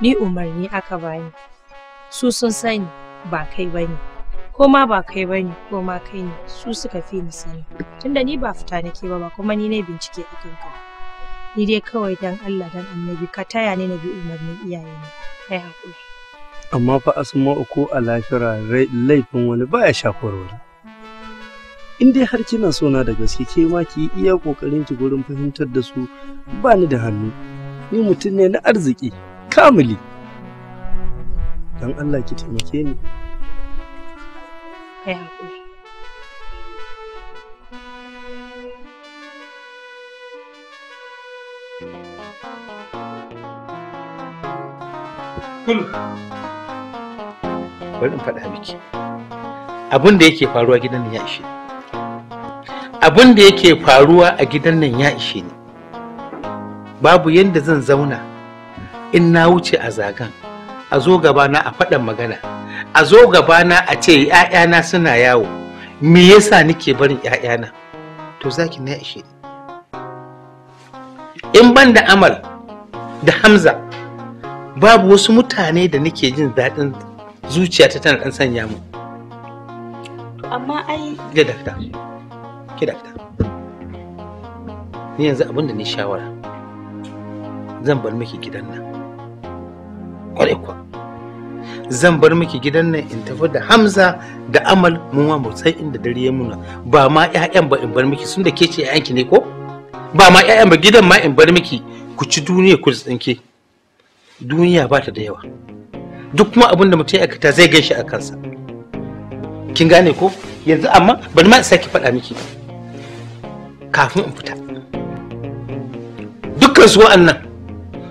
ni umarni aka bani su sun sani ba kai bane ko ma ba kai bane ko ma kai ne su suka fi ni sani tunda ni ba fita nake ba ba kuma ni ne bincike a kanka ni dai kawai dan Allah dan annabi ka taya ni na bi umarnin iyaye kai hakuri amma fa asma'u ko a laifin wani baya shafar wani in dai har kina so na da gaske ke ma ki iya kokarin ki gurin fahimtar da su ba ni da hannu ni mutum ne na arziki kamili dan Allah ki taimake ni kai bari in faɗa miki abin da yake faruwa gidan ya ishe ni. abin da yake faruwa a gidan nan ya ishe ni babu yadda zan zauna in na wuce a zagan a zo gabana a faɗan magana a zo gabana a ce ‘ya'yana suna yawo me yasa nake barin ‘ya'yana to zaki na ishe ni in ban da amal da hamza babu wasu mutane da nake jin daɗin zuciya ta tana ɗan sanya mu amma ai da daktar ke da ita ni yanzu abin da ni shawara zan bar miki gidan nan kwarai kuwa zan bar miki gidan nan in tafi da hamza da amal mun ma motsan inda dare ya muna ba ma 'ya'yan ba in bar miki sun da ke ce 'ya'yanki ne ko ba ma 'ya'yan ba gidan ma in bar miki ku ci duniya ku tsinke duniya ba ta da yawa duk kuma abin da mutum ya aikata zai gan shi a kansa kin gane ko yanzu amma bari ma sake faɗa miki kafin in fita dukkan su wa'annan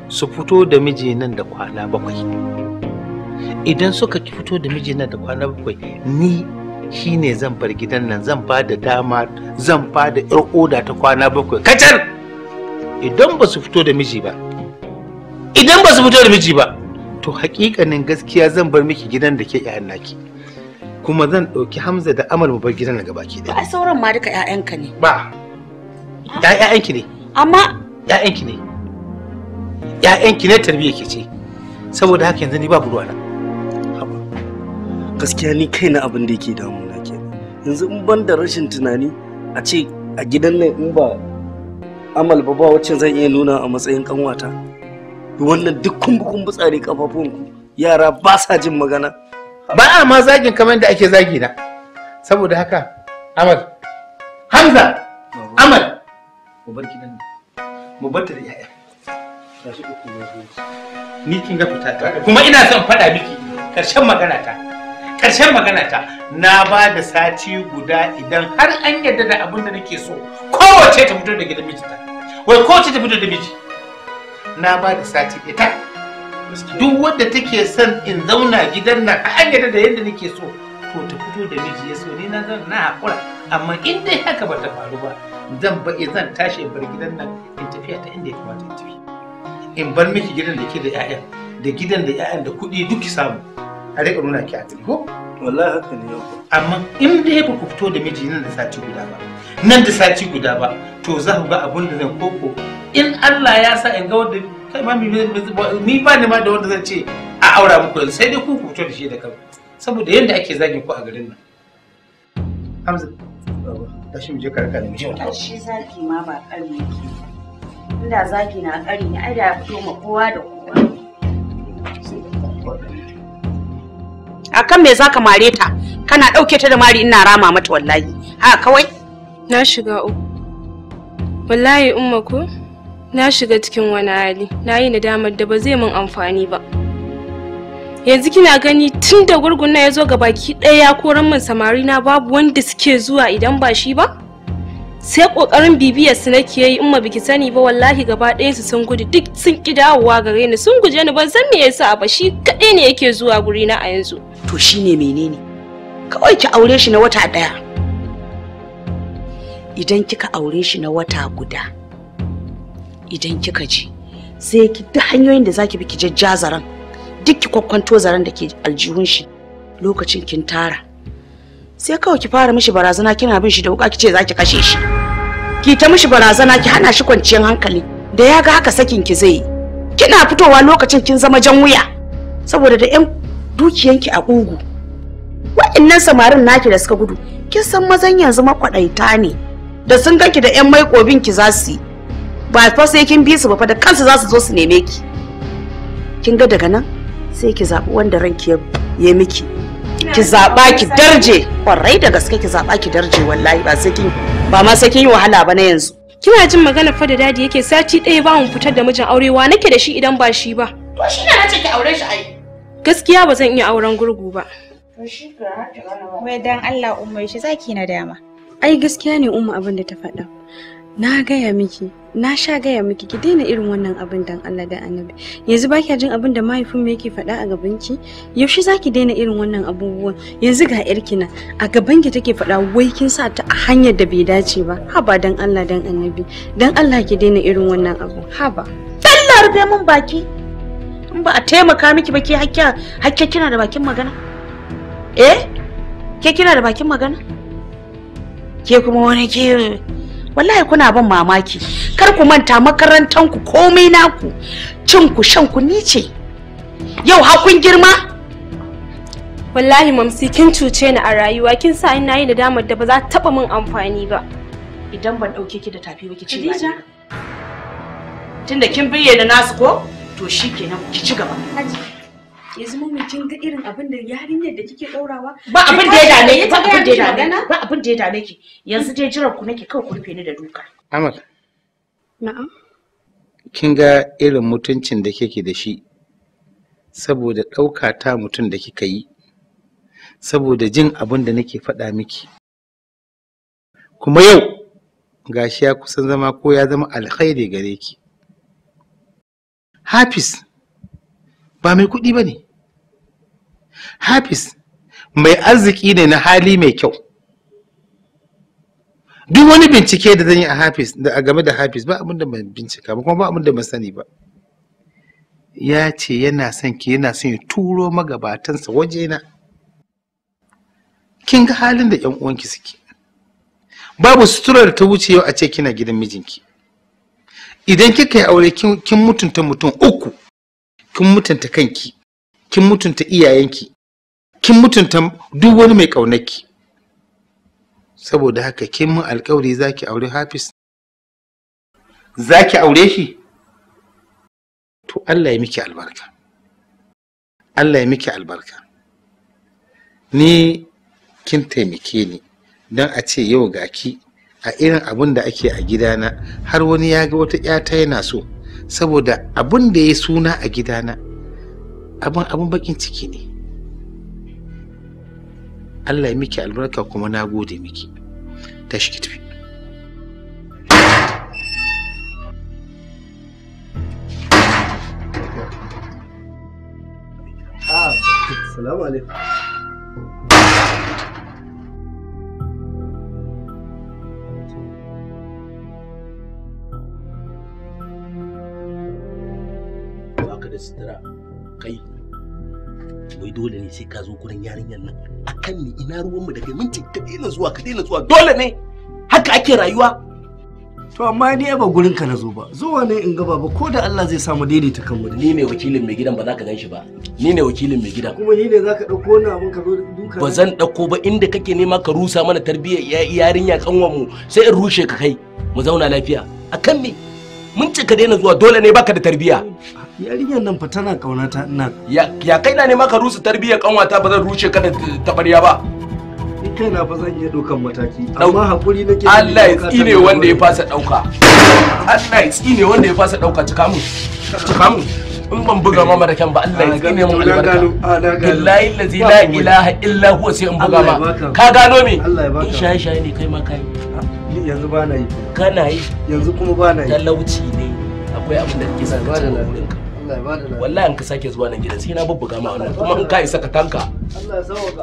su fito da miji nan da kwana bakwai idan suka fito da miji nan da kwana bakwai ni shine zan bar gidan nan zan ba da dama zan ba da yar oda ta kwana bakwai kacal idan ba su fito da miji ba idan ba su fito da miji ba to hakikanin gaskiya zan bar miki gidan da ke yayan naki kuma zan ɗauki hamza da amal mu bar gidan nan gaba ke ɗaya. ba sauran ma duka 'ya'yanka ne ba ya'yanki ne amma ƴaƴanki ne ƴaƴanki ne tarbiyya ke ce saboda haka yanzu ni babu ruwana gaskiya ni kaina abin da yake damuna ke yanzu in ban da rashin tunani a ce a gidan nan in ba amal ba ba wacce zan iya nuna a matsayin kanwata wannan duk kumbu kumbu tsari kafafunku yara ba sa jin magana ba a ma zagin kamar da ake zagi na saboda haka amal hamza mu bar gidan mu bar ta da yaya tashi uku ne ni kin ga fita ta kuma ina son faɗa miki karshen magana ta karshen magana ta na ba da sati guda idan har an yarda da abin da nake so kowace ta fito da gidan miji ta wai kowace ta fito da miji na ba da sati ita. ta duk wanda take son in zauna gidan nan a hanyar da yadda nake so ko ta fito da miji ya so ni na zan na haƙura amma in dai haka ba ta faru ba zan ba zan tashi in bar gidan nan in tafiya ta inda ya kamata in tafi in bar miki gidan da ke da 'ya'yan da gidan da 'ya'yan da kuɗi duk ki samu a rika nuna ki a gari ko wallahi haka ne yau amma in dai ba ku fito da miji nan da sati guda ba nan da sati guda ba to za ku ga abun da zan koko in Allah ya sa in ga wanda kai ma mi ba ni ma da wanda zan ce a aura muku yanzu sai dai ku ku fito da shi da kanku saboda yadda ake zagin ku a garin nan Hamza ta shi muje karka da mu shi zaki ma ba ƙarni ke inda zaki na ƙari ne ai da fito ma kowa da kowa akan me zaka mare ta kana dauke ta da mari ina rama mata wallahi ha kawai na shiga uku wallahi umma ko na shiga cikin wani hali na yi nadamar da ba zai min amfani ba yanzu kina gani tun da ya zo ga baki ɗaya kora min samari na babu wanda suke zuwa idan ba shi ba sai kokarin bibiyar su nake yi in ma biki sani ba wallahi gaba ɗayan su sun gudu duk sun ki dawowa gare ni sun guje ni ban san me yasa ba shi kaɗai ne yake zuwa guri na a yanzu to shine menene kawai ki aure shi na wata ɗaya idan kika aure shi na wata guda idan kika ji sai ki ta hanyoyin da zaki bi ki jajjazaran Dukki ki kwakkwanto zaren da ke aljihun shi lokacin kin tara sai kawai ki fara mishi barazana kina bin shi da wuka kice zaki kashe shi ki ta mishi barazana ki hana shi kwanciyar hankali da ya ga haka sakin ki zai kina fitowa lokacin kin zama jan wuya saboda da yan dukiyanki a ugu, wa'annan samarin naki da suka gudu kin san mazan yanzu makwadaita ne da sun ganki da yan maikobin ki za su yi ba fa sai kin bi su ba fa da kansu za su zo su neme ki kin ga daga nan sai ki zaɓi wanda ranki ya miki ki zaɓa ki darje kwarai da gaske ki zaɓa ki darje wallahi ba sai kin ba ma sai kin yi wahala ba na yanzu kina jin magana fa da dadi yake sati ɗaya ba mu fitar da mijin aure wa nake da shi idan ba shi ba to shi ne nace ki aure shi ai gaskiya ba zan iya auren gurgu ba wai dan Allah ummai shi zaki na dama ai gaskiya ne umma abin da ta faɗa na gaya miki na sha gaya miki ki daina irin wannan abin dan Allah da annabi yanzu ba kya jin abin da mahaifin yake faɗa a gaban ki yaushe zaki daina irin wannan abubuwan yanzu ga yarki nan a gaban ki take faɗa wai kin sa ta a hanyar da bai dace ba haba dan Allah dan annabi dan Allah ki daina irin wannan abu haba Allah rufe mun baki in ba a taimaka miki ba ke hakkin hakkin kina da bakin magana eh ke kina da bakin magana ke kuma wani ke wallahi kuna ban mamaki kar ku manta makarantarku komai naku cin ku shan ku ni ce yau ha kun girma wallahi mamsi kin cuce ni a rayuwa kin sa ina yi nadamar da ba za ta taba min amfani ba idan ban dauke ki da tafi ba ki ci ba tunda kin biye na nasu ko to shikenan ki ci gaba yanzu mun kin ga irin abin da yarinyar da kike daurawa ba abin da ya dame ba abin da ya dame ba abin da ya dame ki yanzu dai jiran ku nake kawai ku rufe ni da duka amal na'am kin ga irin mutuncin da kike da shi saboda ɗauka ta mutum da kika yi saboda jin abin da nake faɗa miki kuma yau gashi ya kusan zama ko ya zama alkhairi gare ki hafiz ba mai kuɗi ba ne hafiz mai arziki ne na hali mai kyau duk wani bincike da zan yi a Hafis, da a game da Hafis ba abin da bincika ba kuma ba abin da sani ba ya ce yana son ki yana son ya turo magabatansa wajena kin ga halin da yan uwanki suke babu suturar ta wuce yau a ce kina gidan mijinki idan kika yi aure kin mutunta mutum uku kin mutunta kanki kin mutunta iyayenki kin mutunta duk wani mai ƙaunarki saboda haka kin mun alƙawari zaki aure hafiz zaki aure shi to Allah ya miki albarka Allah ya miki albarka ni kin taimake ni don a ce yau ga ki a irin abin da ake a gidana har wani ya ga wata 'yata yana so saboda abin da ya suna a gidana abin abin bakin ciki ne Allah ya miki albarka kuma na gode miki tafi ah, alaikum. sutura kai wai dole ne sai ka zo gurin yarinyar nan akan ni ina ruwan mu daga minti ka daina zuwa ka daina zuwa dole ne haka ake rayuwa to amma ni ba gurin ka na zo ba zuwa ne in gaba ba ko da Allah zai samu daidaita kan wani ni ne wakilin mai gidan ba za ka ganshi ba ni ne wakilin mai gidan kuma ni ne za ka ɗauko na abin ka zo duka ba zan ɗauko ba inda kake nema ka rusa mana tarbiyyar yarinya kanwan mu sai in rushe ka kai mu zauna lafiya akan me mun ce ka daina zuwa dole ne baka da tarbiyya yarinyar nan fa tana kaunata ina ya kai na ne maka rusu tarbiyyar kanwata ba zan rushe ka da ba ni kaina ba zan iya dokan mataki amma hakuri nake Allah ya tsine wanda ya fasa dauka Allah ya tsine wanda ya fasa dauka cika mu cika mu in ban buga ma mara ba Allah ya tsine mu albarka billahi allazi la ilaha illa huwa sai in buga ma ka gano me in shaye shaye ne kai ma kai ah, yanzu ba na yi kana yi yanzu kuma ba na yi talauci ne akwai abin da kike sa ka wallahi an ka sake zuwa nan gidan sai na bubbuga ma wannan kuma an ka isa tanka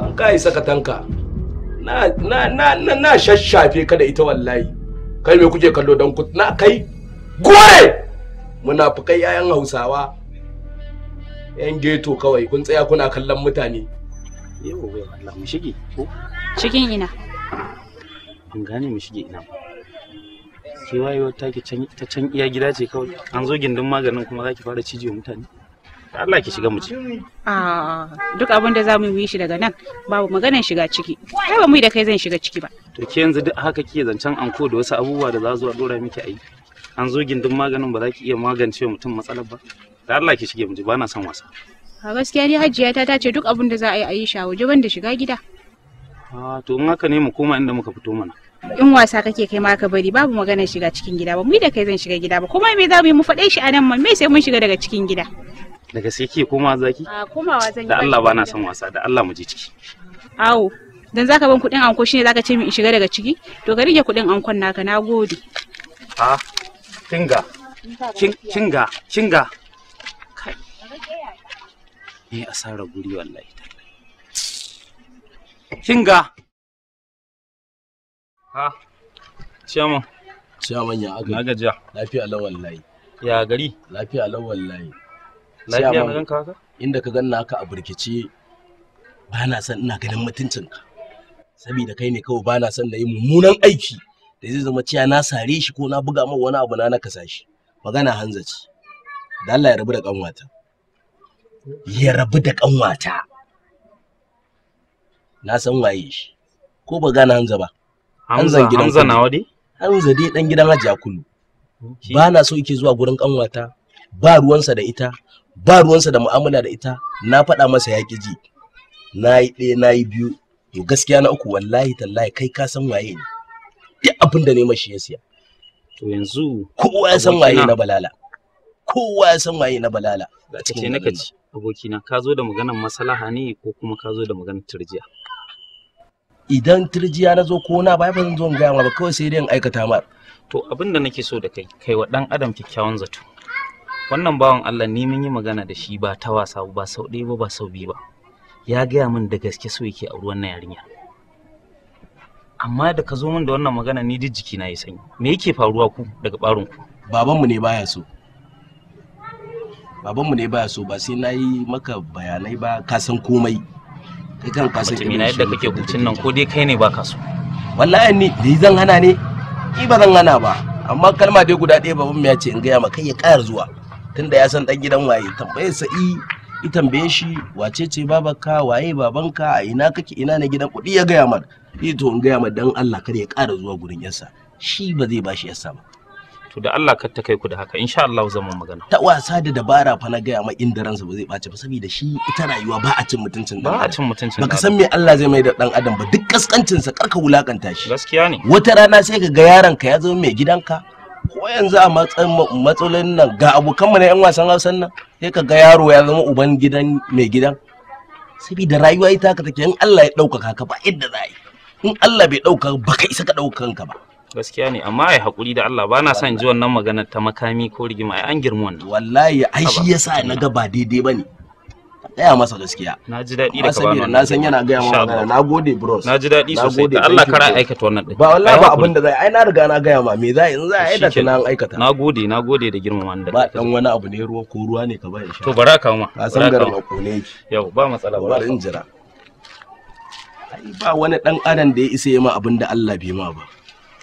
in ka saka tanka na na na na, na shashafe ka da ita wallahi kai me kuke kallo dan ku na kai gore munafukai yayan hausawa yan geto kawai kun tsaya kuna kallon mutane yau bai wallahi mu shige ko cikin ina in gane mu shige ina ke wayewar take can ta can iya gida ce kawai an zo gindin maganin kuma zaki fara wa mutane Allah ki shiga mu ci. Ah, duk abin da zamu yi shi daga nan babu maganar shiga ciki. Kai ba mu da kai zan shiga ciki ba. To ke yanzu duk haka kike zancen anko da wasu abubuwa da za a dora miki yi. An zo gindin maganin ba za ki iya magance mutum matsalar ba. Da Allah ki shige mu ji ba na son wasa. A gaskiya ni hajiya ta tace duk abin da za a yi a yi shawo a banda shiga gida. Ah, to in haka ne mu koma inda muka fito mana. in wasa kake kai ma ka bari babu maganar shiga cikin gida ba mu da kai zan shiga gida ba kuma me za mu yi mu faɗe shi a nan mai sai mun shiga daga cikin gida da gaske ke koma zaki a komawa zan yi da Allah bana son wasa da Allah mu je ciki awo dan zaka ban kuɗin anko shine zaka ce min in shiga daga ciki to ka rike kuɗin ankon naka nagode a kinga kinga kinga kai ni eh, asara guri wallahi kinga Ha, ciyaman. Ciyaman ya aka. Na gajiya. Lafiya lawan layi. Ya gari. Lafiya lawan layi. Lafiya na ganka haka? Inda ka ganna haka a burkice ba na son ina ganin mutuncinka. Sabida kai ne kawai ba na son na yi mummunan aiki da zai zama ciya na sare shi ko na buga min wani abu na na kasa shi. Magana ce. Da Allah ya rabu da kanwata. Ya rabu da kanwata. Na san waye shi. Ko ba gane hanza ba. Hamza gidan Hamza nawa dai? Hamza dai dan gidan Hajiya Kulu. Ba na so yake zuwa gurin kanwata, ba ruwansa da ita, ba ruwansa da mu'amala da ita, na faɗa masa ya ji. Na yi ɗaya na yi biyu, to gaskiya na uku wallahi tallahi kai ka san waye ne. Duk abin da ne mashi ya siya. To yanzu kowa ya san waye na balala. Kowa ya san waye na balala. Ga cikin naka abokina ka zo da maganar masalaha ne ko kuma ka zo da maganar turjiya? idan turjiya na zo ko na ba ba zan zo ga gaya ma ba kawai sai dai in aikata ma. to abin da nake so da kai kai wa dan adam kyakkyawan zato wannan bawan Allah ni mun yi magana da shi ba ta wasa ba sau ɗaya ba ba sau biyu ba ya gaya min da gaske so yake a ruwan yarinya amma da ka zo min da wannan magana ni duk jiki na yi sanyi me yake faruwa ku daga barin ku babanmu ne baya so mu ne baya so ba sai na yi maka bayanai ba ka san komai ikan kasan irin yadda kake hucin nan ko dai kai ne baka so wallahi ni dai zan hana ne ni ba zan hana ba amma kalma dai guda ɗaya baban ya ce in gaya ma kai ya ƙara zuwa tunda ya san dan gidan waye tambaye sa'i i tambaye shi wace ce babanka waye babanka a ina kake ina ne gidan kuɗi ya gaya mar ni to in gaya ma dan Allah kada ya ƙara zuwa gurin yarsa shi ba zai bashi yarsa ba to da Allah kar ta kai ku da haka insha Allah za mu magana ta wasa da dabara fa na gaya ma inda ransa ba zai bace ba saboda shi ita rayuwa ba a cin mutuncin ba a cin mutuncin baka san me Allah zai mai da dan adam ba duk kaskancin sa karka wulakanta shi gaskiya ne wata rana sai ka ga yaron ka ya zama mai gidanka ko yanzu a matsayin matsalolin nan ga abokan mu na yan wasan Hausan nan sai ka ga yaro ya zama uban gidan mai gidan saboda rayuwa ita ka take in Allah ya ɗaukaka ka ba yadda za yi in Allah bai ɗauka baka isa ka ɗauka kanka ba gaskiya ne amma ai hakuri da Allah ba na son ji wannan magana ta makami ko rigima ai an girma wannan wallahi ai shi yasa na ga ba daidai bane gaya masa gaskiya na ji daɗi da kabana na san yana gaya ma magana na gode bros na ji daɗi sosai da Allah kara aikata wannan din ba wallahi ba abin da zai ai na riga na gaya ma me zai in za a aikata na aikata na gode na gode da girmama da ba dan wani abu ne ruwa ko ruwa ne ka ba shi to bara ka ma ka san garin ko ki yau ba matsala ba in jira ai ba wani dan adam da ya isa yi ma abin da Allah bai ma ba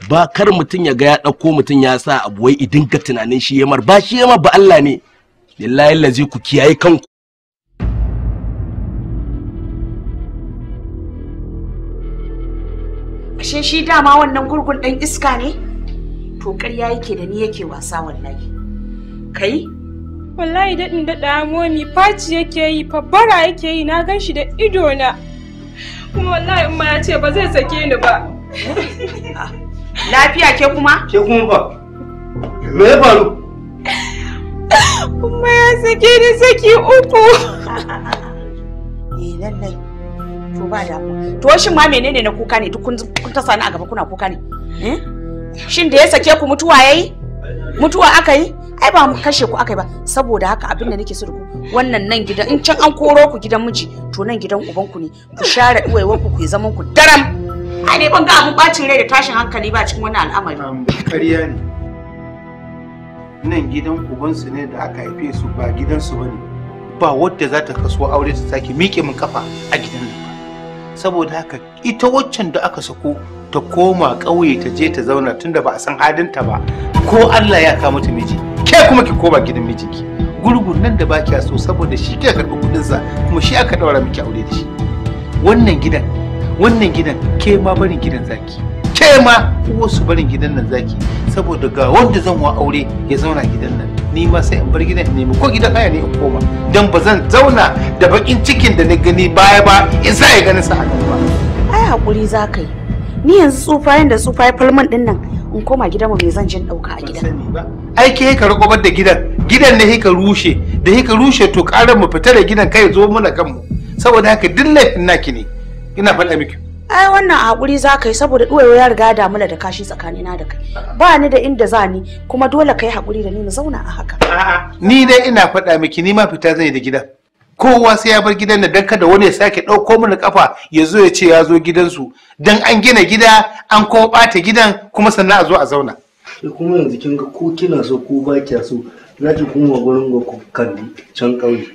ba kar mutum ya ga ya ɗauko mutum ya sa abu wai idin ga tunanin shi yamar ba shi yamar ba Allah ne lillahi lazi ku kiyaye kanku ashe shi da ma wannan gurgun ɗan iska ne to ƙarya yake da ni yake wasa wallahi kai wallahi daɗin daɗa momi faci yake yi fabbara yake yi na gan shi da idona kuma wallahi in ma ya ce ba zai sake ni ba eh? Lafiya ke kuma? Ke kuma ba. Me ya faru? Kuma ya sake ni saki uku. Eh lallai. To ba da To shin ma menene na kuka ne? Duk kun ta sani a gaba kuna kuka ne. Eh? Shin da ya sake ku mutuwa yayi? Mutuwa aka yi? ai ba mu kashe ku aka yi ba saboda haka abin da nake so da ku wannan nan gidan in can an koro ku gidan miji to nan gidan ubanku ne ku share uwaiwanku ku yi zaman ku daram ai ni ban ga abin bacin rai da tashin hankali ba cikin wani al'amari Kariya ne nan gidan ubansu ne da aka haife su ba gidansu ba ne ba wadda za ta kaso aure ta sake miƙe min kafa a gidan nan ba. saboda haka ita waccan da aka sako ta koma ƙauye ta je ta zauna tunda ba a san ta ba ko Allah ya kawo mata miji ke kuma ki koma gidan mijinki Gurgur nan da ba kiya so saboda shi ke karɓi kuɗinsa kuma shi aka ɗaura miki aure da shi wannan gidan wannan gidan ke ma barin gidan zaki ke ma wasu barin gidan nan zaki saboda ga wanda zan wa aure ya zauna gidan nan ni ma sai in bar gidan nemi ko gidan haya ne in koma dan ba zan zauna da bakin cikin da na gani baya ba in sa ya gani sa a ba ai hakuri za ka yi ni yanzu tsufayen da tsufaye falman din nan in koma gidan mu me zan jin dauka a gidan ai ke ka rukobar da gidan gidan ne hika rushe da hika rushe to karar mu fita da gidan kai zo muna kanmu saboda haka duk laifin naki ne ina faɗa miki ai wannan hakuri za ka yi saboda ɗuwayo ya riga da mula da kashi tsakanina da kai ba ni da inda za ni kuma dole ka yi hakuri da ni mu zauna a haka ni dai ina faɗa miki ni ma fita zan yi da gidan kowa sai ya bar gidan da dan kada wani ya sake ɗauko mana kafa ya zo ya ce ya zo gidansu dan an gina gida an kuma ɓata gidan kuma sannan a zo a zauna sai kuma yanzu kin ko kina so ko ba kya so za ki koma gurin ga can ƙauye